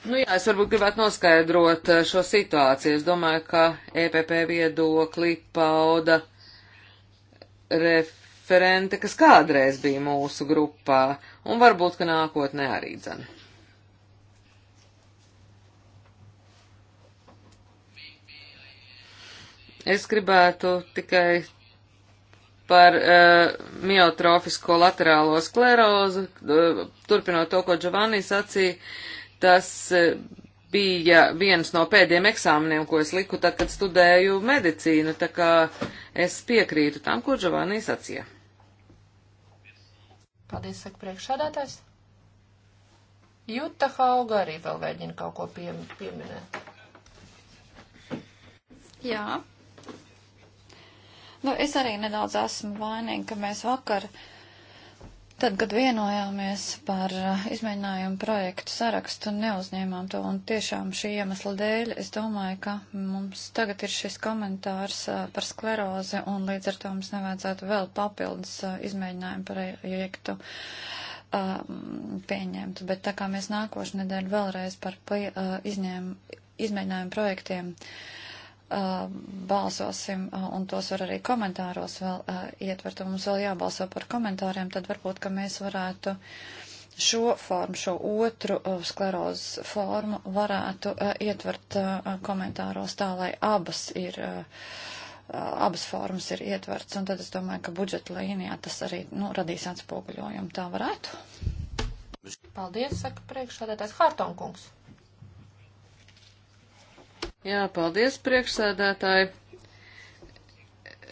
Nu jā, es varbūt gribētu noskaidrot eh, šo situāciju. Es domāju, ka EPP viedokli pauda referente, kas kādreiz bija mūsu grupā, un varbūt, ka nākotnē arī dzene. Es gribētu tikai par uh, miotrofisko laterālo sklerozu, uh, turpinot to, ko Giovanni sacīja, tas uh, bija viens no pēdējiem eksāmeniem, ko es liku tad, kad studēju medicīnu, tā kā es piekrītu tam, ko Giovanni sacīja. Paldies, saka priekšādātājs. Juta Hauga arī vēl mēģina kaut ko pie, pieminēt. Jā, Nu, es arī nedaudz esmu vainīga, ka mēs vakar, tad, kad vienojāmies par uh, izmēģinājumu projektu sarakstu, neuzņēmām to, un tiešām šī iemesla dēļ es domāju, ka mums tagad ir šis komentārs uh, par sklerozi, un līdz ar to mums nevajadzētu vēl papildus uh, izmēģinājumu projektu. Uh, um, pieņemtu, bet tā kā mēs nākošu nedēļu vēlreiz par pie, uh, izņēmu, izmēģinājumu projektiem balsosim, un tos var arī komentāros vēl ietvert, un mums vēl jābalso par komentāriem, tad varbūt, ka mēs varētu šo formu, šo otru sklerozes formu varētu ietvert komentāros tā, lai abas ir abas formas ir ietverts, un tad es domāju, ka budžeta līnijā tas arī nu, radīs atspoguļojumu. Tā varētu. Paldies, saka priekšsādātājs Hārtonkungs. Jā, paldies priekšsēdētāji.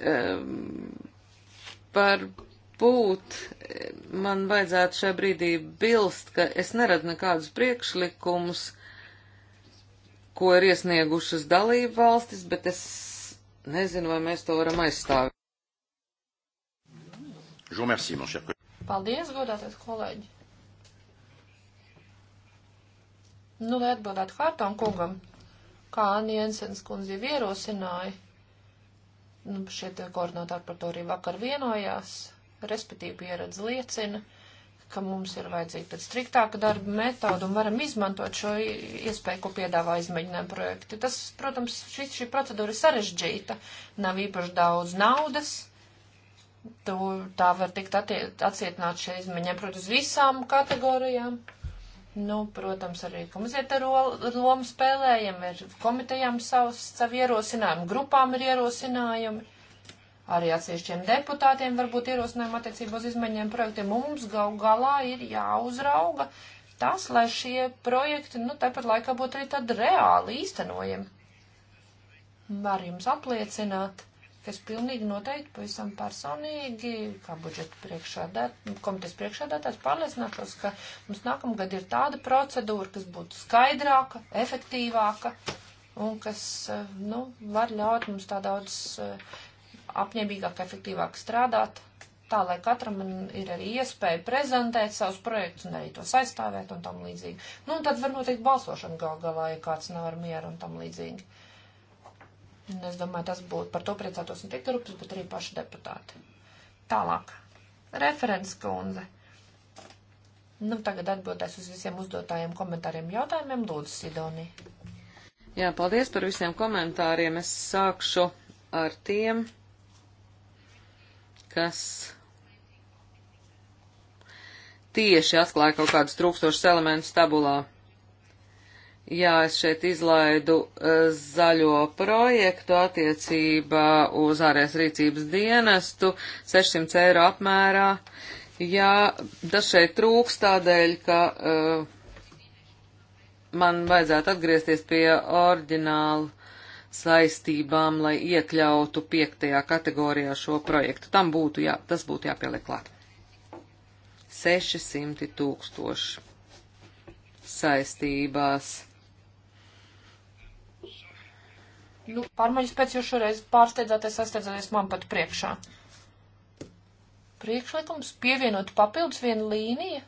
Um, par būt, man vajadzētu šajā brīdī bilst, ka es neradu nekādus priekšlikumus, ko ir iesniegušas dalību valstis, bet es nezinu, vai mēs to varam aizstāvēt. Paldies, godātais kolēģi! Nu, lai atbildētu Hārtām kungam, kā Anni Jensens kundze jau ierosināja, nu, šie koordinātori par to arī vakar vienojās, respektīvi pieredze liecina, ka mums ir vajadzīga tad striktāka darba metoda un varam izmantot šo iespēju, ko piedāvā izmēģinājuma projekti. Tas, protams, šis, šī procedūra ir sarežģīta, nav īpaši daudz naudas, tu, tā var tikt attie, atsietināt šie izmēģinājumi, protams, uz visām kategorijām. Nu, protams, arī komitēta lomu spēlējam, ir komitejām savs, savu ierosinājumu, grupām ir ierosinājumi, arī atsevišķiem deputātiem varbūt ierosinājumi attiecībā uz izmaiņiem projektiem. Mums gal galā ir jāuzrauga tas, lai šie projekti, nu, tāpat laikā būtu arī tad reāli īstenojami. Var jums apliecināt, kas pilnīgi noteikti pavisam personīgi, kā budžeta priekšādā, komitejas priekšādātājs pārliecināšos, ka mums nākamgad ir tāda procedūra, kas būtu skaidrāka, efektīvāka un kas, eh, nu, var ļaut mums tā daudz eh, apņēmīgāk, efektīvāk strādāt, tā, lai katram ir arī iespēja prezentēt savus projektus un arī tos aizstāvēt un tam līdzīgi. Nu, un tad var notikt balsošana gal galā, ja kāds nav ar mieru un tam līdzīgi. Un es domāju, tas būtu par to priecātos ne tik grupas, bet arī paši deputāti. Tālāk. Referents kundze. Nu, tagad atbildēs uz visiem uzdotājiem komentāriem jautājumiem. Lūdzu, Sidonī. Jā, paldies par visiem komentāriem. Es sākšu ar tiem, kas tieši atklāja kaut kādus trūkstošus elementus tabulā. Jā, es šeit izlaidu e, zaļo projektu attiecībā uz ārējas rīcības dienestu 600 eiro apmērā. Jā, tas šeit trūks tādēļ, ka uh, man vajadzētu atgriezties pie orģinālu saistībām, lai iekļautu piektajā kategorijā šo projektu. Tam būtu, jā, tas būtu jāpieliek klāt. 600 tūkstoši saistībās Nu, pārmaiņas pēc jūs šoreiz pārsteidzāties, aizsteidzāties man pat priekšā. Priekšlikums pievienot papildus vienu līniju.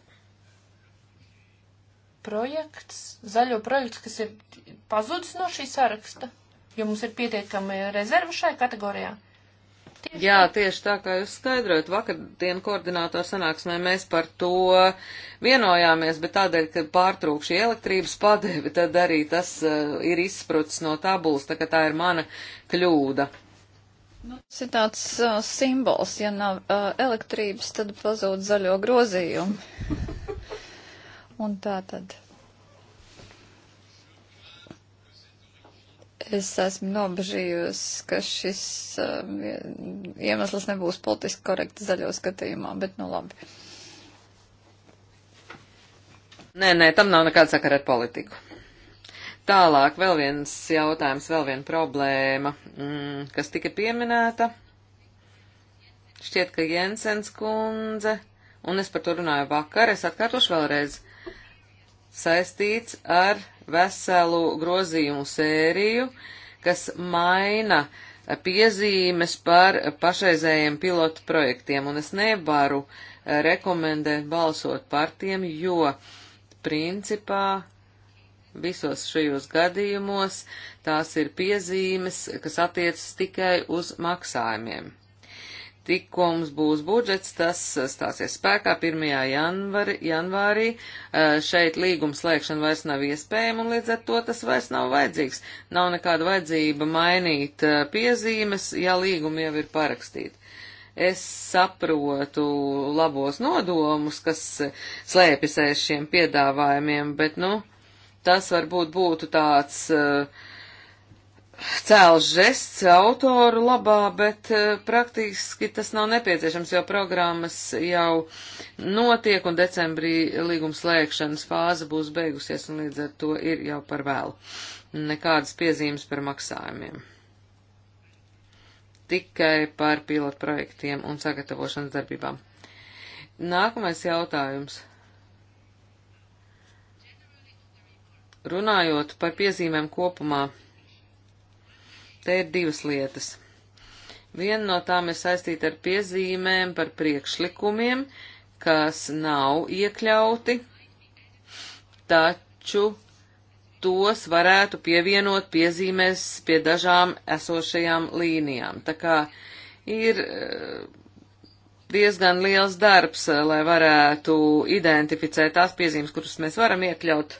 Projekts, zaļo projekts, kas ir pazudis no šī saraksta, jo mums ir pietiekami rezervu šai kategorijai. Tieši Jā, tieši tā kā jūs skaidrojat, vakardien koordinātā sanāksmē mēs par to vienojāmies, bet tādēļ, ka pārtrūkši elektrības padevi, tad arī tas uh, ir izsprucis no tabulas, tā ka tā ir mana kļūda. Nu, tas ir tāds uh, simbols, ja nav uh, elektrības, tad pazūd zaļo grozījumu. Un tā tad. Es esmu nobežījusi, ka šis uh, iemesls nebūs politiski korekti zaļo skatījumā, bet nu labi. Nē, nē, tam nav nekāda sakara ar politiku. Tālāk vēl viens jautājums, vēl viena problēma, mm, kas tika pieminēta. Šķiet, ka Jensens kundze, un es par to runāju vakar, es atkārtošu vēlreiz, saistīts ar veselu grozījumu sēriju, kas maina piezīmes par pašreizējiem pilotu projektiem, un es nevaru eh, rekomendēt balsot par tiem, jo principā visos šajos gadījumos tās ir piezīmes, kas attiecas tikai uz maksājumiem tikko mums būs budžets, tas uh, stāsies spēkā 1. Janvari, janvārī. Uh, šeit līguma slēgšana vairs nav iespējama, un līdz ar to tas vairs nav vajadzīgs. Nav nekāda vajadzība mainīt uh, piezīmes, ja līguma jau ir parakstīta. Es saprotu labos nodomus, kas slēpjas aiz šiem piedāvājumiem, bet, nu, tas varbūt būtu tāds uh, cēls žests autoru labā, bet eh, praktiski tas nav nepieciešams, jo programmas jau notiek un decembrī līgums slēgšanas fāze būs beigusies un līdz ar to ir jau par vēlu. Nekādas piezīmes par maksājumiem. Tikai par pilotprojektiem un sagatavošanas darbībām. Nākamais jautājums. Runājot par piezīmēm kopumā te ir divas lietas. Viena no tām ir saistīta ar piezīmēm par priekšlikumiem, kas nav iekļauti, taču tos varētu pievienot piezīmēs pie dažām esošajām līnijām. Tā kā ir eh, diezgan liels darbs, eh, lai varētu identificēt tās piezīmes, kuras mēs varam iekļaut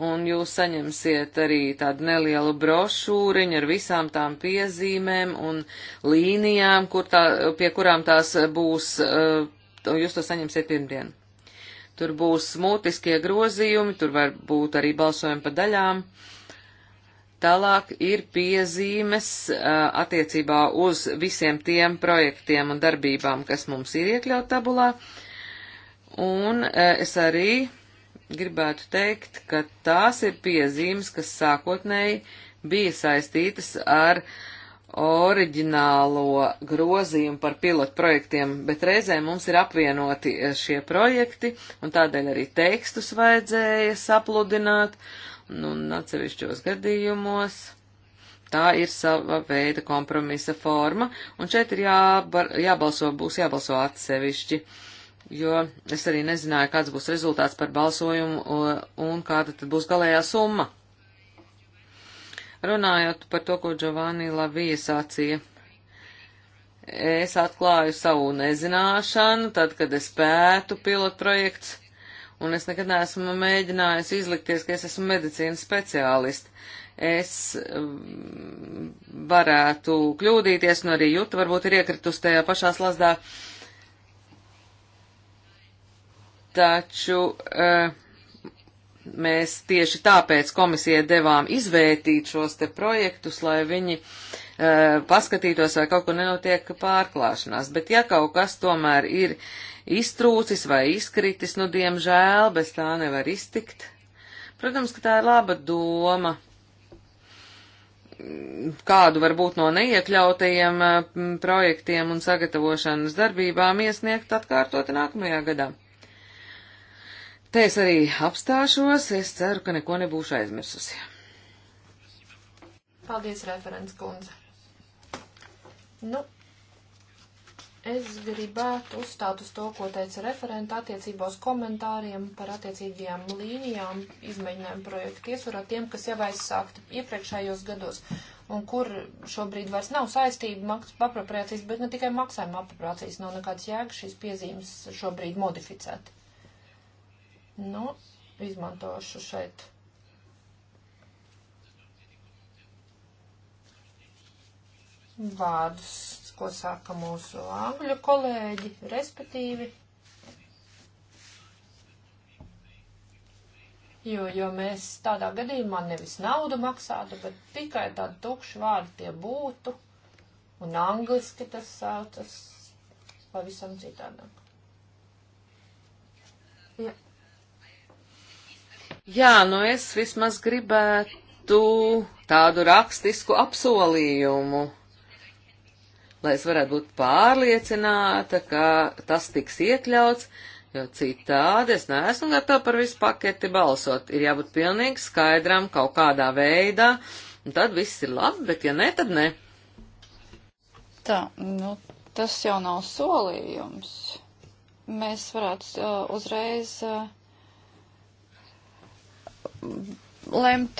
un jūs saņemsiet arī tādu nelielu brošūriņu ar visām tām piezīmēm un līnijām, kur tā, pie kurām tās būs, eh, jūs to saņemsiet pirmdien. Tur būs mūtiskie grozījumi, tur var būt arī balsojumi pa daļām. Tālāk ir piezīmes eh, attiecībā uz visiem tiem projektiem un darbībām, kas mums ir iekļaut tabulā. Un eh, es arī gribētu teikt, ka tās ir piezīmes, kas sākotnēji bija saistītas ar oriģinālo grozījumu par pilotu projektiem, bet reizē mums ir apvienoti eh, šie projekti, un tādēļ arī tekstus vajadzēja sapludināt, un, nu, un atsevišķos gadījumos tā ir sava veida kompromisa forma, un šeit ir jābar, jābalso, būs jābalso atsevišķi. Uh, jo es arī nezināju, kāds būs rezultāts par balsojumu un kāda tad būs galējā summa. Runājot par to, ko Giovanni Lavija sācīja, es atklāju savu nezināšanu, tad, kad es pētu pilotprojekts, un es nekad neesmu mēģinājis izlikties, ka es esmu medicīnas speciālists. Es mm, varētu kļūdīties, un arī jūtu varbūt ir iekritus tajā pašā slazdā, uh, Taču eh, mēs tieši tāpēc komisijai devām izvērtīt šos te projektus, lai viņi eh, paskatītos, vai kaut kur nenotiek pārklāšanās. Bet ja kaut kas tomēr ir iztrūcis vai izkritis, nu, diemžēl, bez tā nevar iztikt. Protams, ka tā ir laba doma, kādu varbūt no neiekļautajiem eh, projektiem un sagatavošanas darbībām iesniegt atkārtot nākamajā gadā. Te es arī apstāšos, es ceru, ka neko nebūšu aizmirsusi. Paldies, referents kundze. Nu, es gribētu uzstāt uz to, ko teica referenta attiecībā uz komentāriem par attiecīgajām līnijām, izmēģinājumu projektu iesvarā tiem, kas jau aizsākti iepriekšējos gados un kur šobrīd vairs nav saistība maksas apropriācijas, bet ne tikai maksājuma apropriācijas nav nekāds jēga šīs piezīmes šobrīd modificēt. Nu, izmantošu šeit. Vārdus, ko saka mūsu angļu kolēģi, respektīvi. Jo, jo mēs tādā gadījumā nevis naudu maksātu, bet tikai tādu tukšu vārdu tie būtu. Un angliski tas saucas pavisam citādāk. Ja. Jā, nu es vismaz gribētu tādu rakstisku apsolījumu, lai es varētu būt pārliecināta, ka tas tiks iekļauts, jo citādi es neesmu gatava par visu paketi balsot. Ir jābūt pilnīgi skaidram kaut kādā veidā, un tad viss ir labi, bet ja ne, tad ne. Tā, nu, tas jau nav solījums. Mēs varētu uh, uzreiz. Uh lemt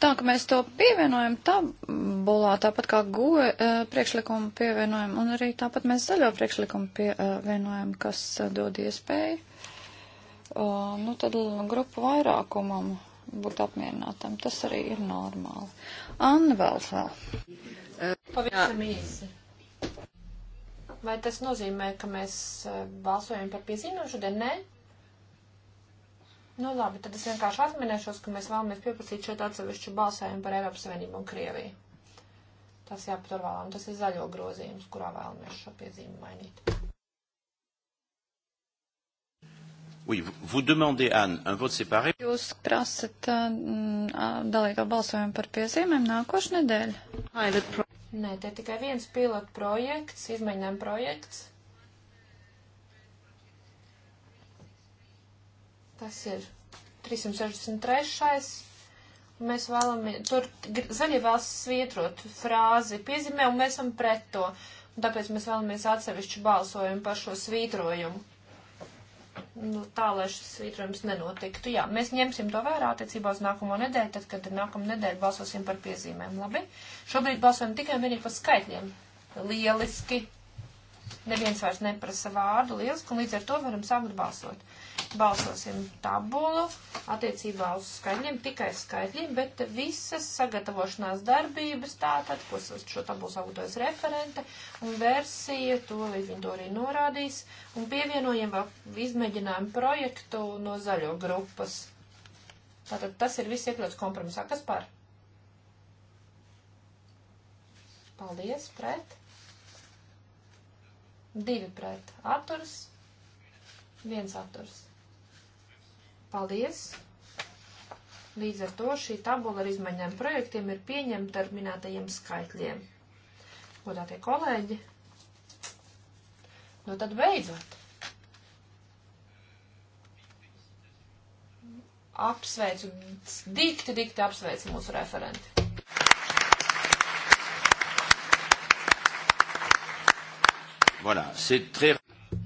tā, ka mēs to pievienojam tabulā, tāpat kā goe priekšlikumu pievienojam, un arī tāpat mēs zaļo priekšlikumu pievienojam, kas dod iespēju, nu tad grupu vairākumam būt apmierinātam. Tas arī ir normāli. Anna vēl vēl. Pavisam īsi. Vai tas nozīmē, ka mēs balsojam par piezīmēm šodien? Nē. Nu labi, tad es vienkārši atminēšos, ka mēs vēlamies pieprasīt šeit atsevišķu balsējumu par Eiropas Savienību un Krieviju. Tas jāpatur vēlā, un tas ir zaļo grozījums, kurā vēlamies šo piezīmi mainīt. Oui, vous demandez, Anne, un vote séparé. Jūs prasat uh, dalīto balsojumu par piezīmēm nākošu nedēļu? Nē, te tikai viens pilotu projekts, izmaiņām projekts. Tas ir 363. Mēs vēlamies, tur zaļie vēlas svietrot frāzi piezīmē, un mēs esam pret to. Un tāpēc mēs vēlamies atsevišķu balsojumu par šo svītrojumu. Nu, tā, lai šis svītrojums nenotiktu. Jā, mēs ņemsim to vērā attiecībā uz nākamo nedēļu, tad, kad nākamā nedēļa balsosim par piezīmēm. Labi? Šobrīd balsojam tikai un vienīgi par skaitļiem. Lieliski. Neviens vairs neprasa vārdu. Lieliski, un līdz ar to varam sākt balsot balsosim tabulu attiecībā uz skaitļiem, tikai skaitļiem, bet visas sagatavošanās darbības tātad, ko šo tabulu sagatavojas referente un versija, to viņi to arī norādīs, un pievienojam vēl izmēģinājumu projektu no zaļo grupas. Tātad tas ir viss iekļauts kompromisā. Kas par? Paldies, pret. Divi pret. Atturs. Viens atturs. Paldies! Līdz ar to šī tabula ar izmaiņām projektiem ir pieņemta ar minētajiem skaitļiem. Godātie kolēģi, nu tad beidzot! Apsveicu, dikti, dikti apsveicu mūsu referenti. Voilà, c'est très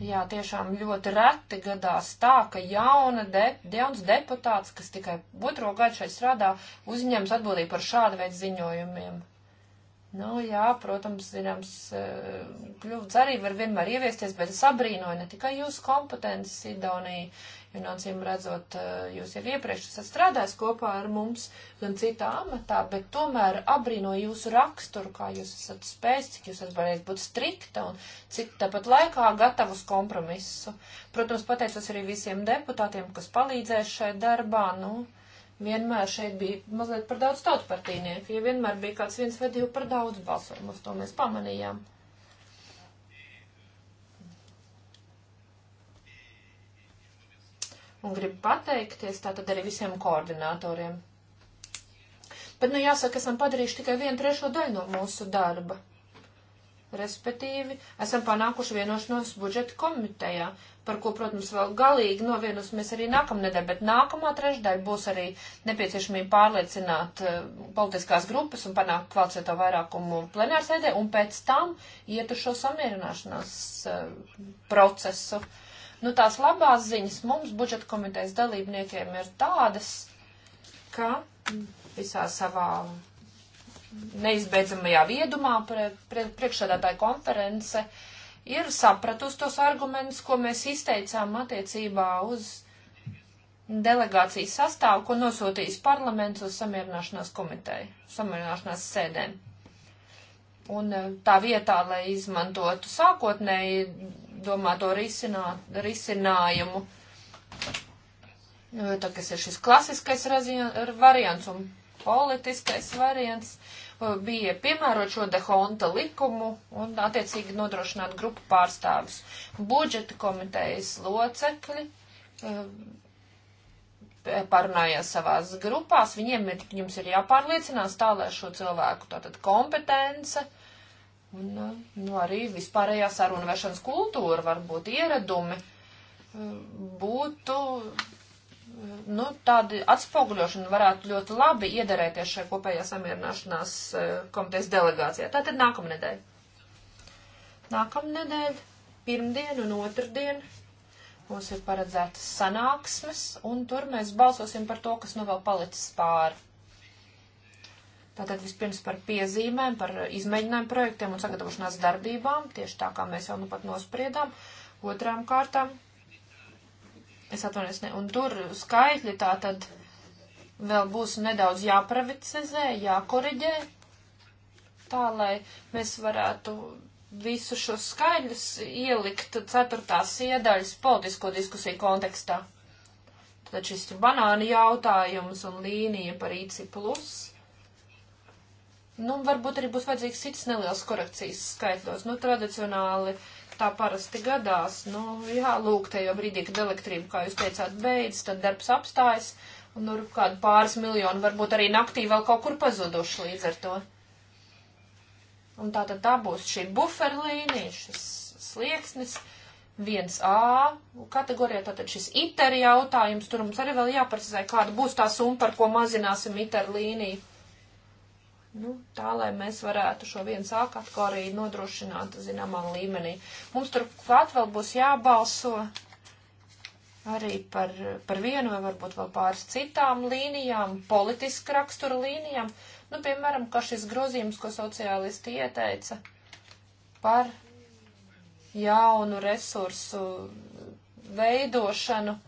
Jā, tiešām ļoti reti gadās tā, ka jauna de, jauns deputāts, kas tikai otro gadu šeit strādā, uzņems atbildību par šādu veidu ziņojumiem. Nu, jā, protams, zināms, eh, kļūdas arī var vienmēr ieviesties, bet es abrīnoju ne tikai jūsu kompetences, Idonija, jo no cīm redzot, eh, jūs jau iepriekš esat strādājis kopā ar mums, gan citā amatā, bet tomēr abrīnoju jūsu raksturu, kā jūs esat spējis, cik jūs esat varējis būt strikta un cik tāpat laikā gatavus kompromisu. Protams, pateicos arī visiem deputātiem, kas palīdzēja šai darbā, nu, vienmēr šeit bija mazliet par daudz tautspartīnieku, ja vienmēr bija kāds viens vai divi par daudz balsojumus, to mēs pamanījām. un gribu pateikties tātad arī visiem koordinatoriem. Bet, nu, jāsaka, esam padarījuši tikai vienu trešo daļu no mūsu darba. Respektīvi, esam panākuši vienošanos budžeta komitejā, par ko, protams, vēl galīgi novienosimies arī nākamnedēļ, bet nākamā trešdaļa būs arī nepieciešamība pārliecināt uh, politiskās grupas un panākt kvalificēto vairākumu plenārsēdē, un pēc tam iet uz šo samierināšanās uh, procesu. Uh, Nu, tās labās ziņas mums budžeta komitejas dalībniekiem ir tādas, ka visā savā neizbeidzamajā viedumā pre, pre, priekšsēdētāja konference ir sapratusi tos argumentus, ko mēs izteicām attiecībā uz delegācijas sastāvu, ko nosūtījis parlaments uz samierināšanās komiteju, samierināšanās sēdēm. Un eh, tā vietā, lai izmantotu sākotnēji domāto risinā, risinājumu. Tā kas ir šis klasiskais variants un politiskais variants, bija piemērot šo dehonta likumu un attiecīgi nodrošināt grupu pārstāvis. Budžeta komitejas locekļi parunājās savās grupās, viņiem ir, jums ir jāpārliecinās tā, lai šo cilvēku tātad kompetence uh, Un nu, arī vispārējā saruna vešanas kultūra, varbūt ieradumi, eh, būtu eh, nu, tādi atspoguļošana varētu ļoti labi iederēties šajā kopējā samierināšanās eh, komitejas delegācijā. Tātad nākamnedēļ. Nākamnedēļ, pirmdien un otrdien mums ir paredzētas sanāksmes, un tur mēs balsosim par to, kas nu vēl palicis pāri. Tātad vispirms par piezīmēm, par izmēģinājumu projektiem un sagatavošanās darbībām, tieši tā kā mēs jau nu pat nospriedām. Otrām kārtām, es atvainojos, ne, un tur skaitļi tātad vēl būs nedaudz jāpravicizē, jākoriģē, tā lai mēs varētu visu šos skaidrs ielikt ceturtās iedaļas politisko diskusiju kontekstā. Tad šis banāna jautājums un līnija par IC plus. Nu, varbūt arī būs vajadzīgs cits neliels korekcijas skaitļos. Nu, tradicionāli tā parasti gadās. Nu, jā, lūk, te jau brīdī, kad elektrība, kā jūs teicāt, beidz, tad darbs apstājas. Un tur nu, kādu pāris miljonu varbūt arī naktī vēl kaut kur pazuduši līdz ar to. Un tā tad tā būs šī buferlīnija, šis slieksnis, 1A kategorijā, tātad šis ITER jautājums, tur mums arī vēl jāprecizē, kāda būs tā summa, par ko mazināsim ITER līniju. Nu, tā, lai mēs varētu šo vienu sāku atkal arī nodrošināt zināmā līmenī. Mums turklāt vēl būs jābalso arī par, par vienu vai varbūt vēl pāris citām līnijām, politiska rakstura līnijām. Nu, piemēram, kā šis grozījums, ko sociālisti ieteica par jaunu resursu veidošanu.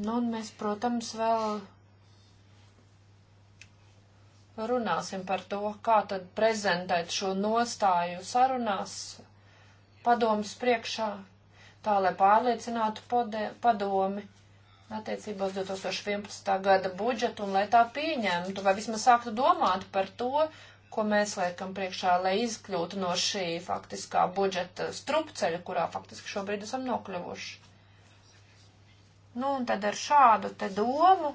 Nu, un mēs, protams, vēl runāsim par to, kā tad prezentēt šo nostāju sarunās padomas priekšā, tā lai pārliecinātu podē, padomi attiecībā uz 2011. gada budžetu un lai tā pieņemtu, vai vismaz sāktu domāt par to, ko mēs liekam priekšā, lai izkļūtu no šī faktiskā budžeta strupceļa, kurā faktiski šobrīd esam nokļuvuši. Nu, un tad ar šādu te domu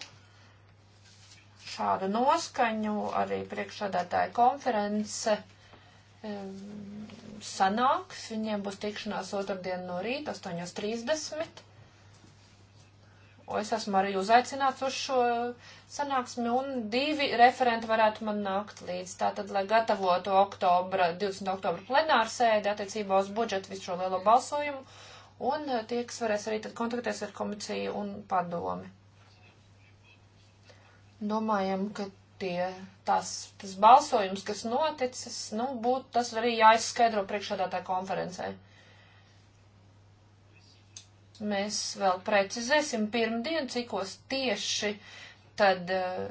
šādu noskaņu arī priekšsādātāja konference sanāks. Viņiem būs tikšanās otrdien no rīta 8.30. Es esmu arī uzaicināts uz šo sanāksmi, un divi referenti varētu man nākt līdz. Tātad, lai gatavotu oktobra, 20. oktobra plenāru sēdi attiecībā uz budžetu visu šo lielo balsojumu, un tie, kas varēs arī tad kontaktēs ar komisiju un padomi. Domājam, ka tie, tas, tas balsojums, kas noticis, nu, būtu tas arī jāizskaidro priekšādātā konferencē. Mēs vēl precizēsim pirmdien, cikos tieši tad uh,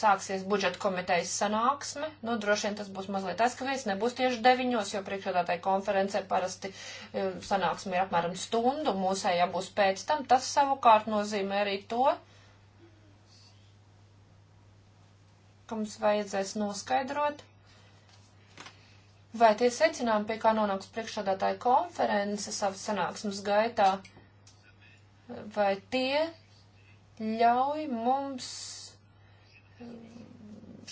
sāksies budžeta komitejas sanāksme. Nu, droši vien tas būs mazliet aizkavēts, nebūs tieši deviņos, jo priekšādātai konferencē parasti uh, sanāksme ir apmēram stundu, mūsējā būs pēc tam. Tas savukārt nozīmē arī to, ka mums vajadzēs noskaidrot, vai tie secinājumi, pie kā nonāks priekšādātāja konference savas sanāksmes gaitā, vai tie ļauj mums um,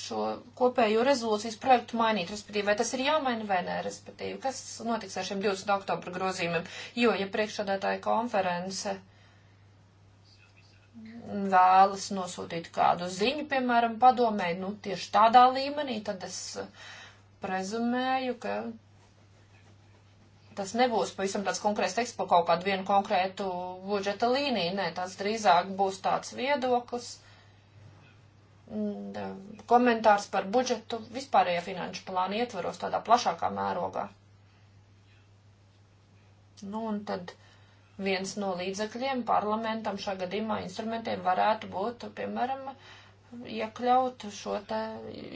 šo kopējo rezolūcijas projektu mainīt, respektīvi, vai tas ir jāmaina vai nē, respektīvi, kas notiks ar šiem 20. oktobra grozījumiem, jo, ja priekšādātāja konference uh, vēlas nosūtīt kādu ziņu, piemēram, padomē, nu, tieši tādā līmenī, tad es eh, prezumēju, ka tas nebūs pavisam tāds konkrēts teksts par kaut kādu vienu konkrētu budžeta līniju, nē, tas drīzāk būs tāds viedoklis, mm, komentārs par budžetu vispārējā finanšu plāna ietvaros tādā plašākā mērogā. Nu, un tad viens no līdzekļiem parlamentam šā gadījumā instrumentiem varētu būt, piemēram, iekļaut šo te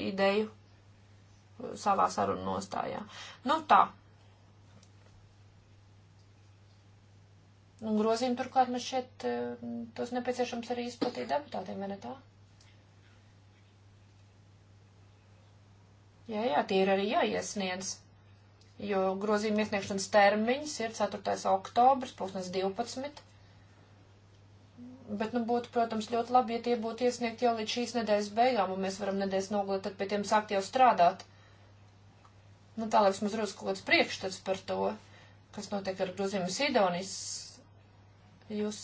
ideju savā sarunu nostājā. Nu tā. Un grozījumi turklāt mēs šeit eh, tos nepieciešams arī izplatīt deputātiem, vai ne tā? Jā, jā, tie ir arī jāiesniedz. Ja, jo grozījuma iesniegšanas termiņš ir 4. oktobris, pusnes 12. Bet, nu, būtu, protams, ļoti labi, ja tie būtu iesniegti jau līdz šīs nedēļas beigām, un mēs varam nedēļas nogalē tad pie tiem sākt jau strādāt. Nu, tā liekas, mums rodas kaut kāds priekšstats par to, kas notiek ar grozījumu Sidonis. Jūs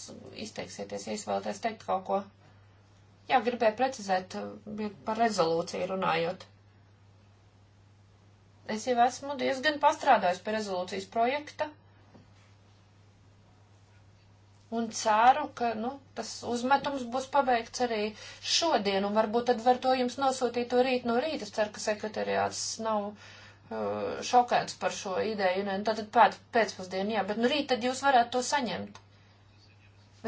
izteiksieties, ja izvēlaties teikt kaut ko. Jā, gribēju precizēt par rezolūciju runājot. Es jau esmu diezgan pastrādājis pie rezolūcijas projekta. Un ceru, ka nu, tas uzmetums būs pabeigts arī šodien, un varbūt tad var to jums nosūtīt to rīt no rīta. Es ceru, ka sekretariāts nav uh, šokēts par šo ideju. Ne? Nu, Tātad pēc, pēcpusdienu, jā, bet nu rīt tad jūs varētu to saņemt.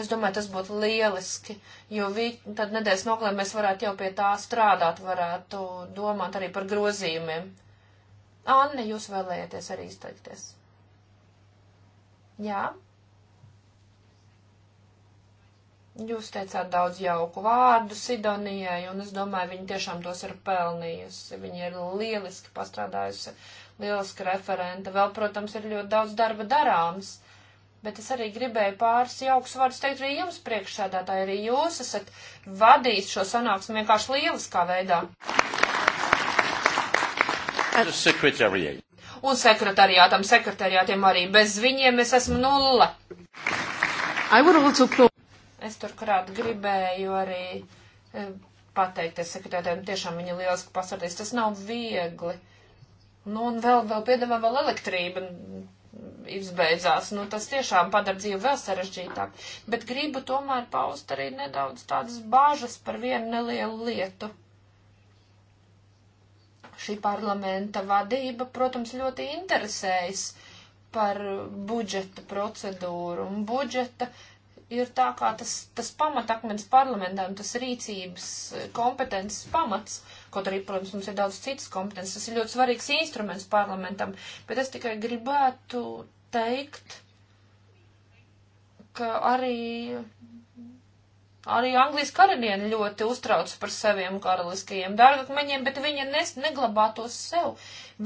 Es domāju, tas būtu lieliski, jo vi, tad nedēļas nogalē mēs varētu jau pie tā strādāt, varētu domāt arī par grozījumiem. Anne, jūs vēlējāties arī izteikties. Jā? Jūs teicāt daudz jauku vārdu Sidonijai, un es domāju, viņa tiešām tos ir pelnījusi. Viņa ir lieliski pastrādājusi, lieliski referenta. Vēl, protams, ir ļoti daudz darba darāms, bet es arī gribēju pāris jaukus vārdus teikt arī jums priekšsēdētāji. Arī jūs esat vadījis šo sanāksmu vienkārši lieliskā veidā. Un sekretariātam, sekretariātiem arī. Bez viņiem es esmu nulle. Es turklāt gribēju arī eh, pateikties sekretāriem, tiešām viņi lieliski pasardīs. Tas nav viegli. Nu, un vēl, vēl piedāvā vēl elektrība izbeidzās. Nu, tas tiešām padara dzīvi vēl sarežģītāk. Bet gribu tomēr paust arī nedaudz tādas bāžas par vienu nelielu lietu. Šī parlamenta vadība, protams, ļoti interesējas par budžeta procedūru un budžeta ir tā kā tas, tas pamatakmens parlamentam, tas rīcības eh, kompetences pamats, kaut arī, protams, mums ir daudz citas kompetences, tas ir ļoti svarīgs instruments parlamentam, bet es tikai gribētu teikt, ka arī Arī Anglijas karaliene ļoti uztrauc par saviem karaliskajiem dārgakmeņiem, bet viņa nes, neglabā tos sev.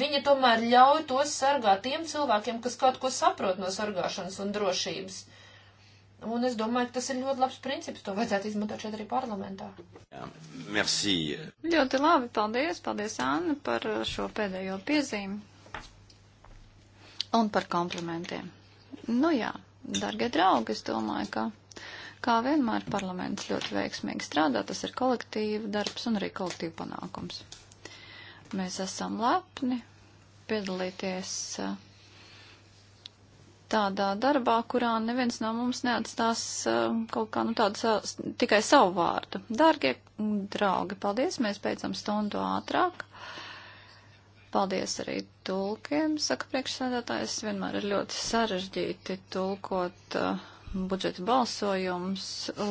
Viņa tomēr ļauj tos sargāt tiem cilvēkiem, kas kaut ko saprot no sargāšanas un drošības. Un es domāju, ka tas ir ļoti labs princips. To vajadzētu izmantot šeit arī parlamentā. Jā, merci. Ļoti labi, paldies. Paldies, Anna, par šo pēdējo piezīmi. Un par komplimentiem. Nu jā, dargie draugi, es domāju, ka Kā vienmēr parlaments ļoti veiksmīgi strādā, tas ir kolektīva darbs un arī kolektīva panākums. Mēs esam lepni piedalīties eh, tādā darbā, kurā neviens no mums neatstās eh, kaut kā, nu, tādu savu, tikai savu vārdu. Dārgie draugi, paldies, mēs beidzam stundu ātrāk. Paldies arī tulkiem, saka priekšsēdētājs, vienmēr ir ļoti sarežģīti tulkot. Uh, budžeta balsojums,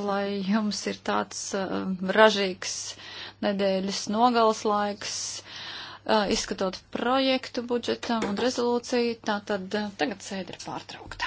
lai jums ir tāds uh, ražīgs nedēļas nogals laiks, uh, izskatot projektu budžetam un rezolūciju, tā tad uh, eh, tagad sēde ir pārtraukta.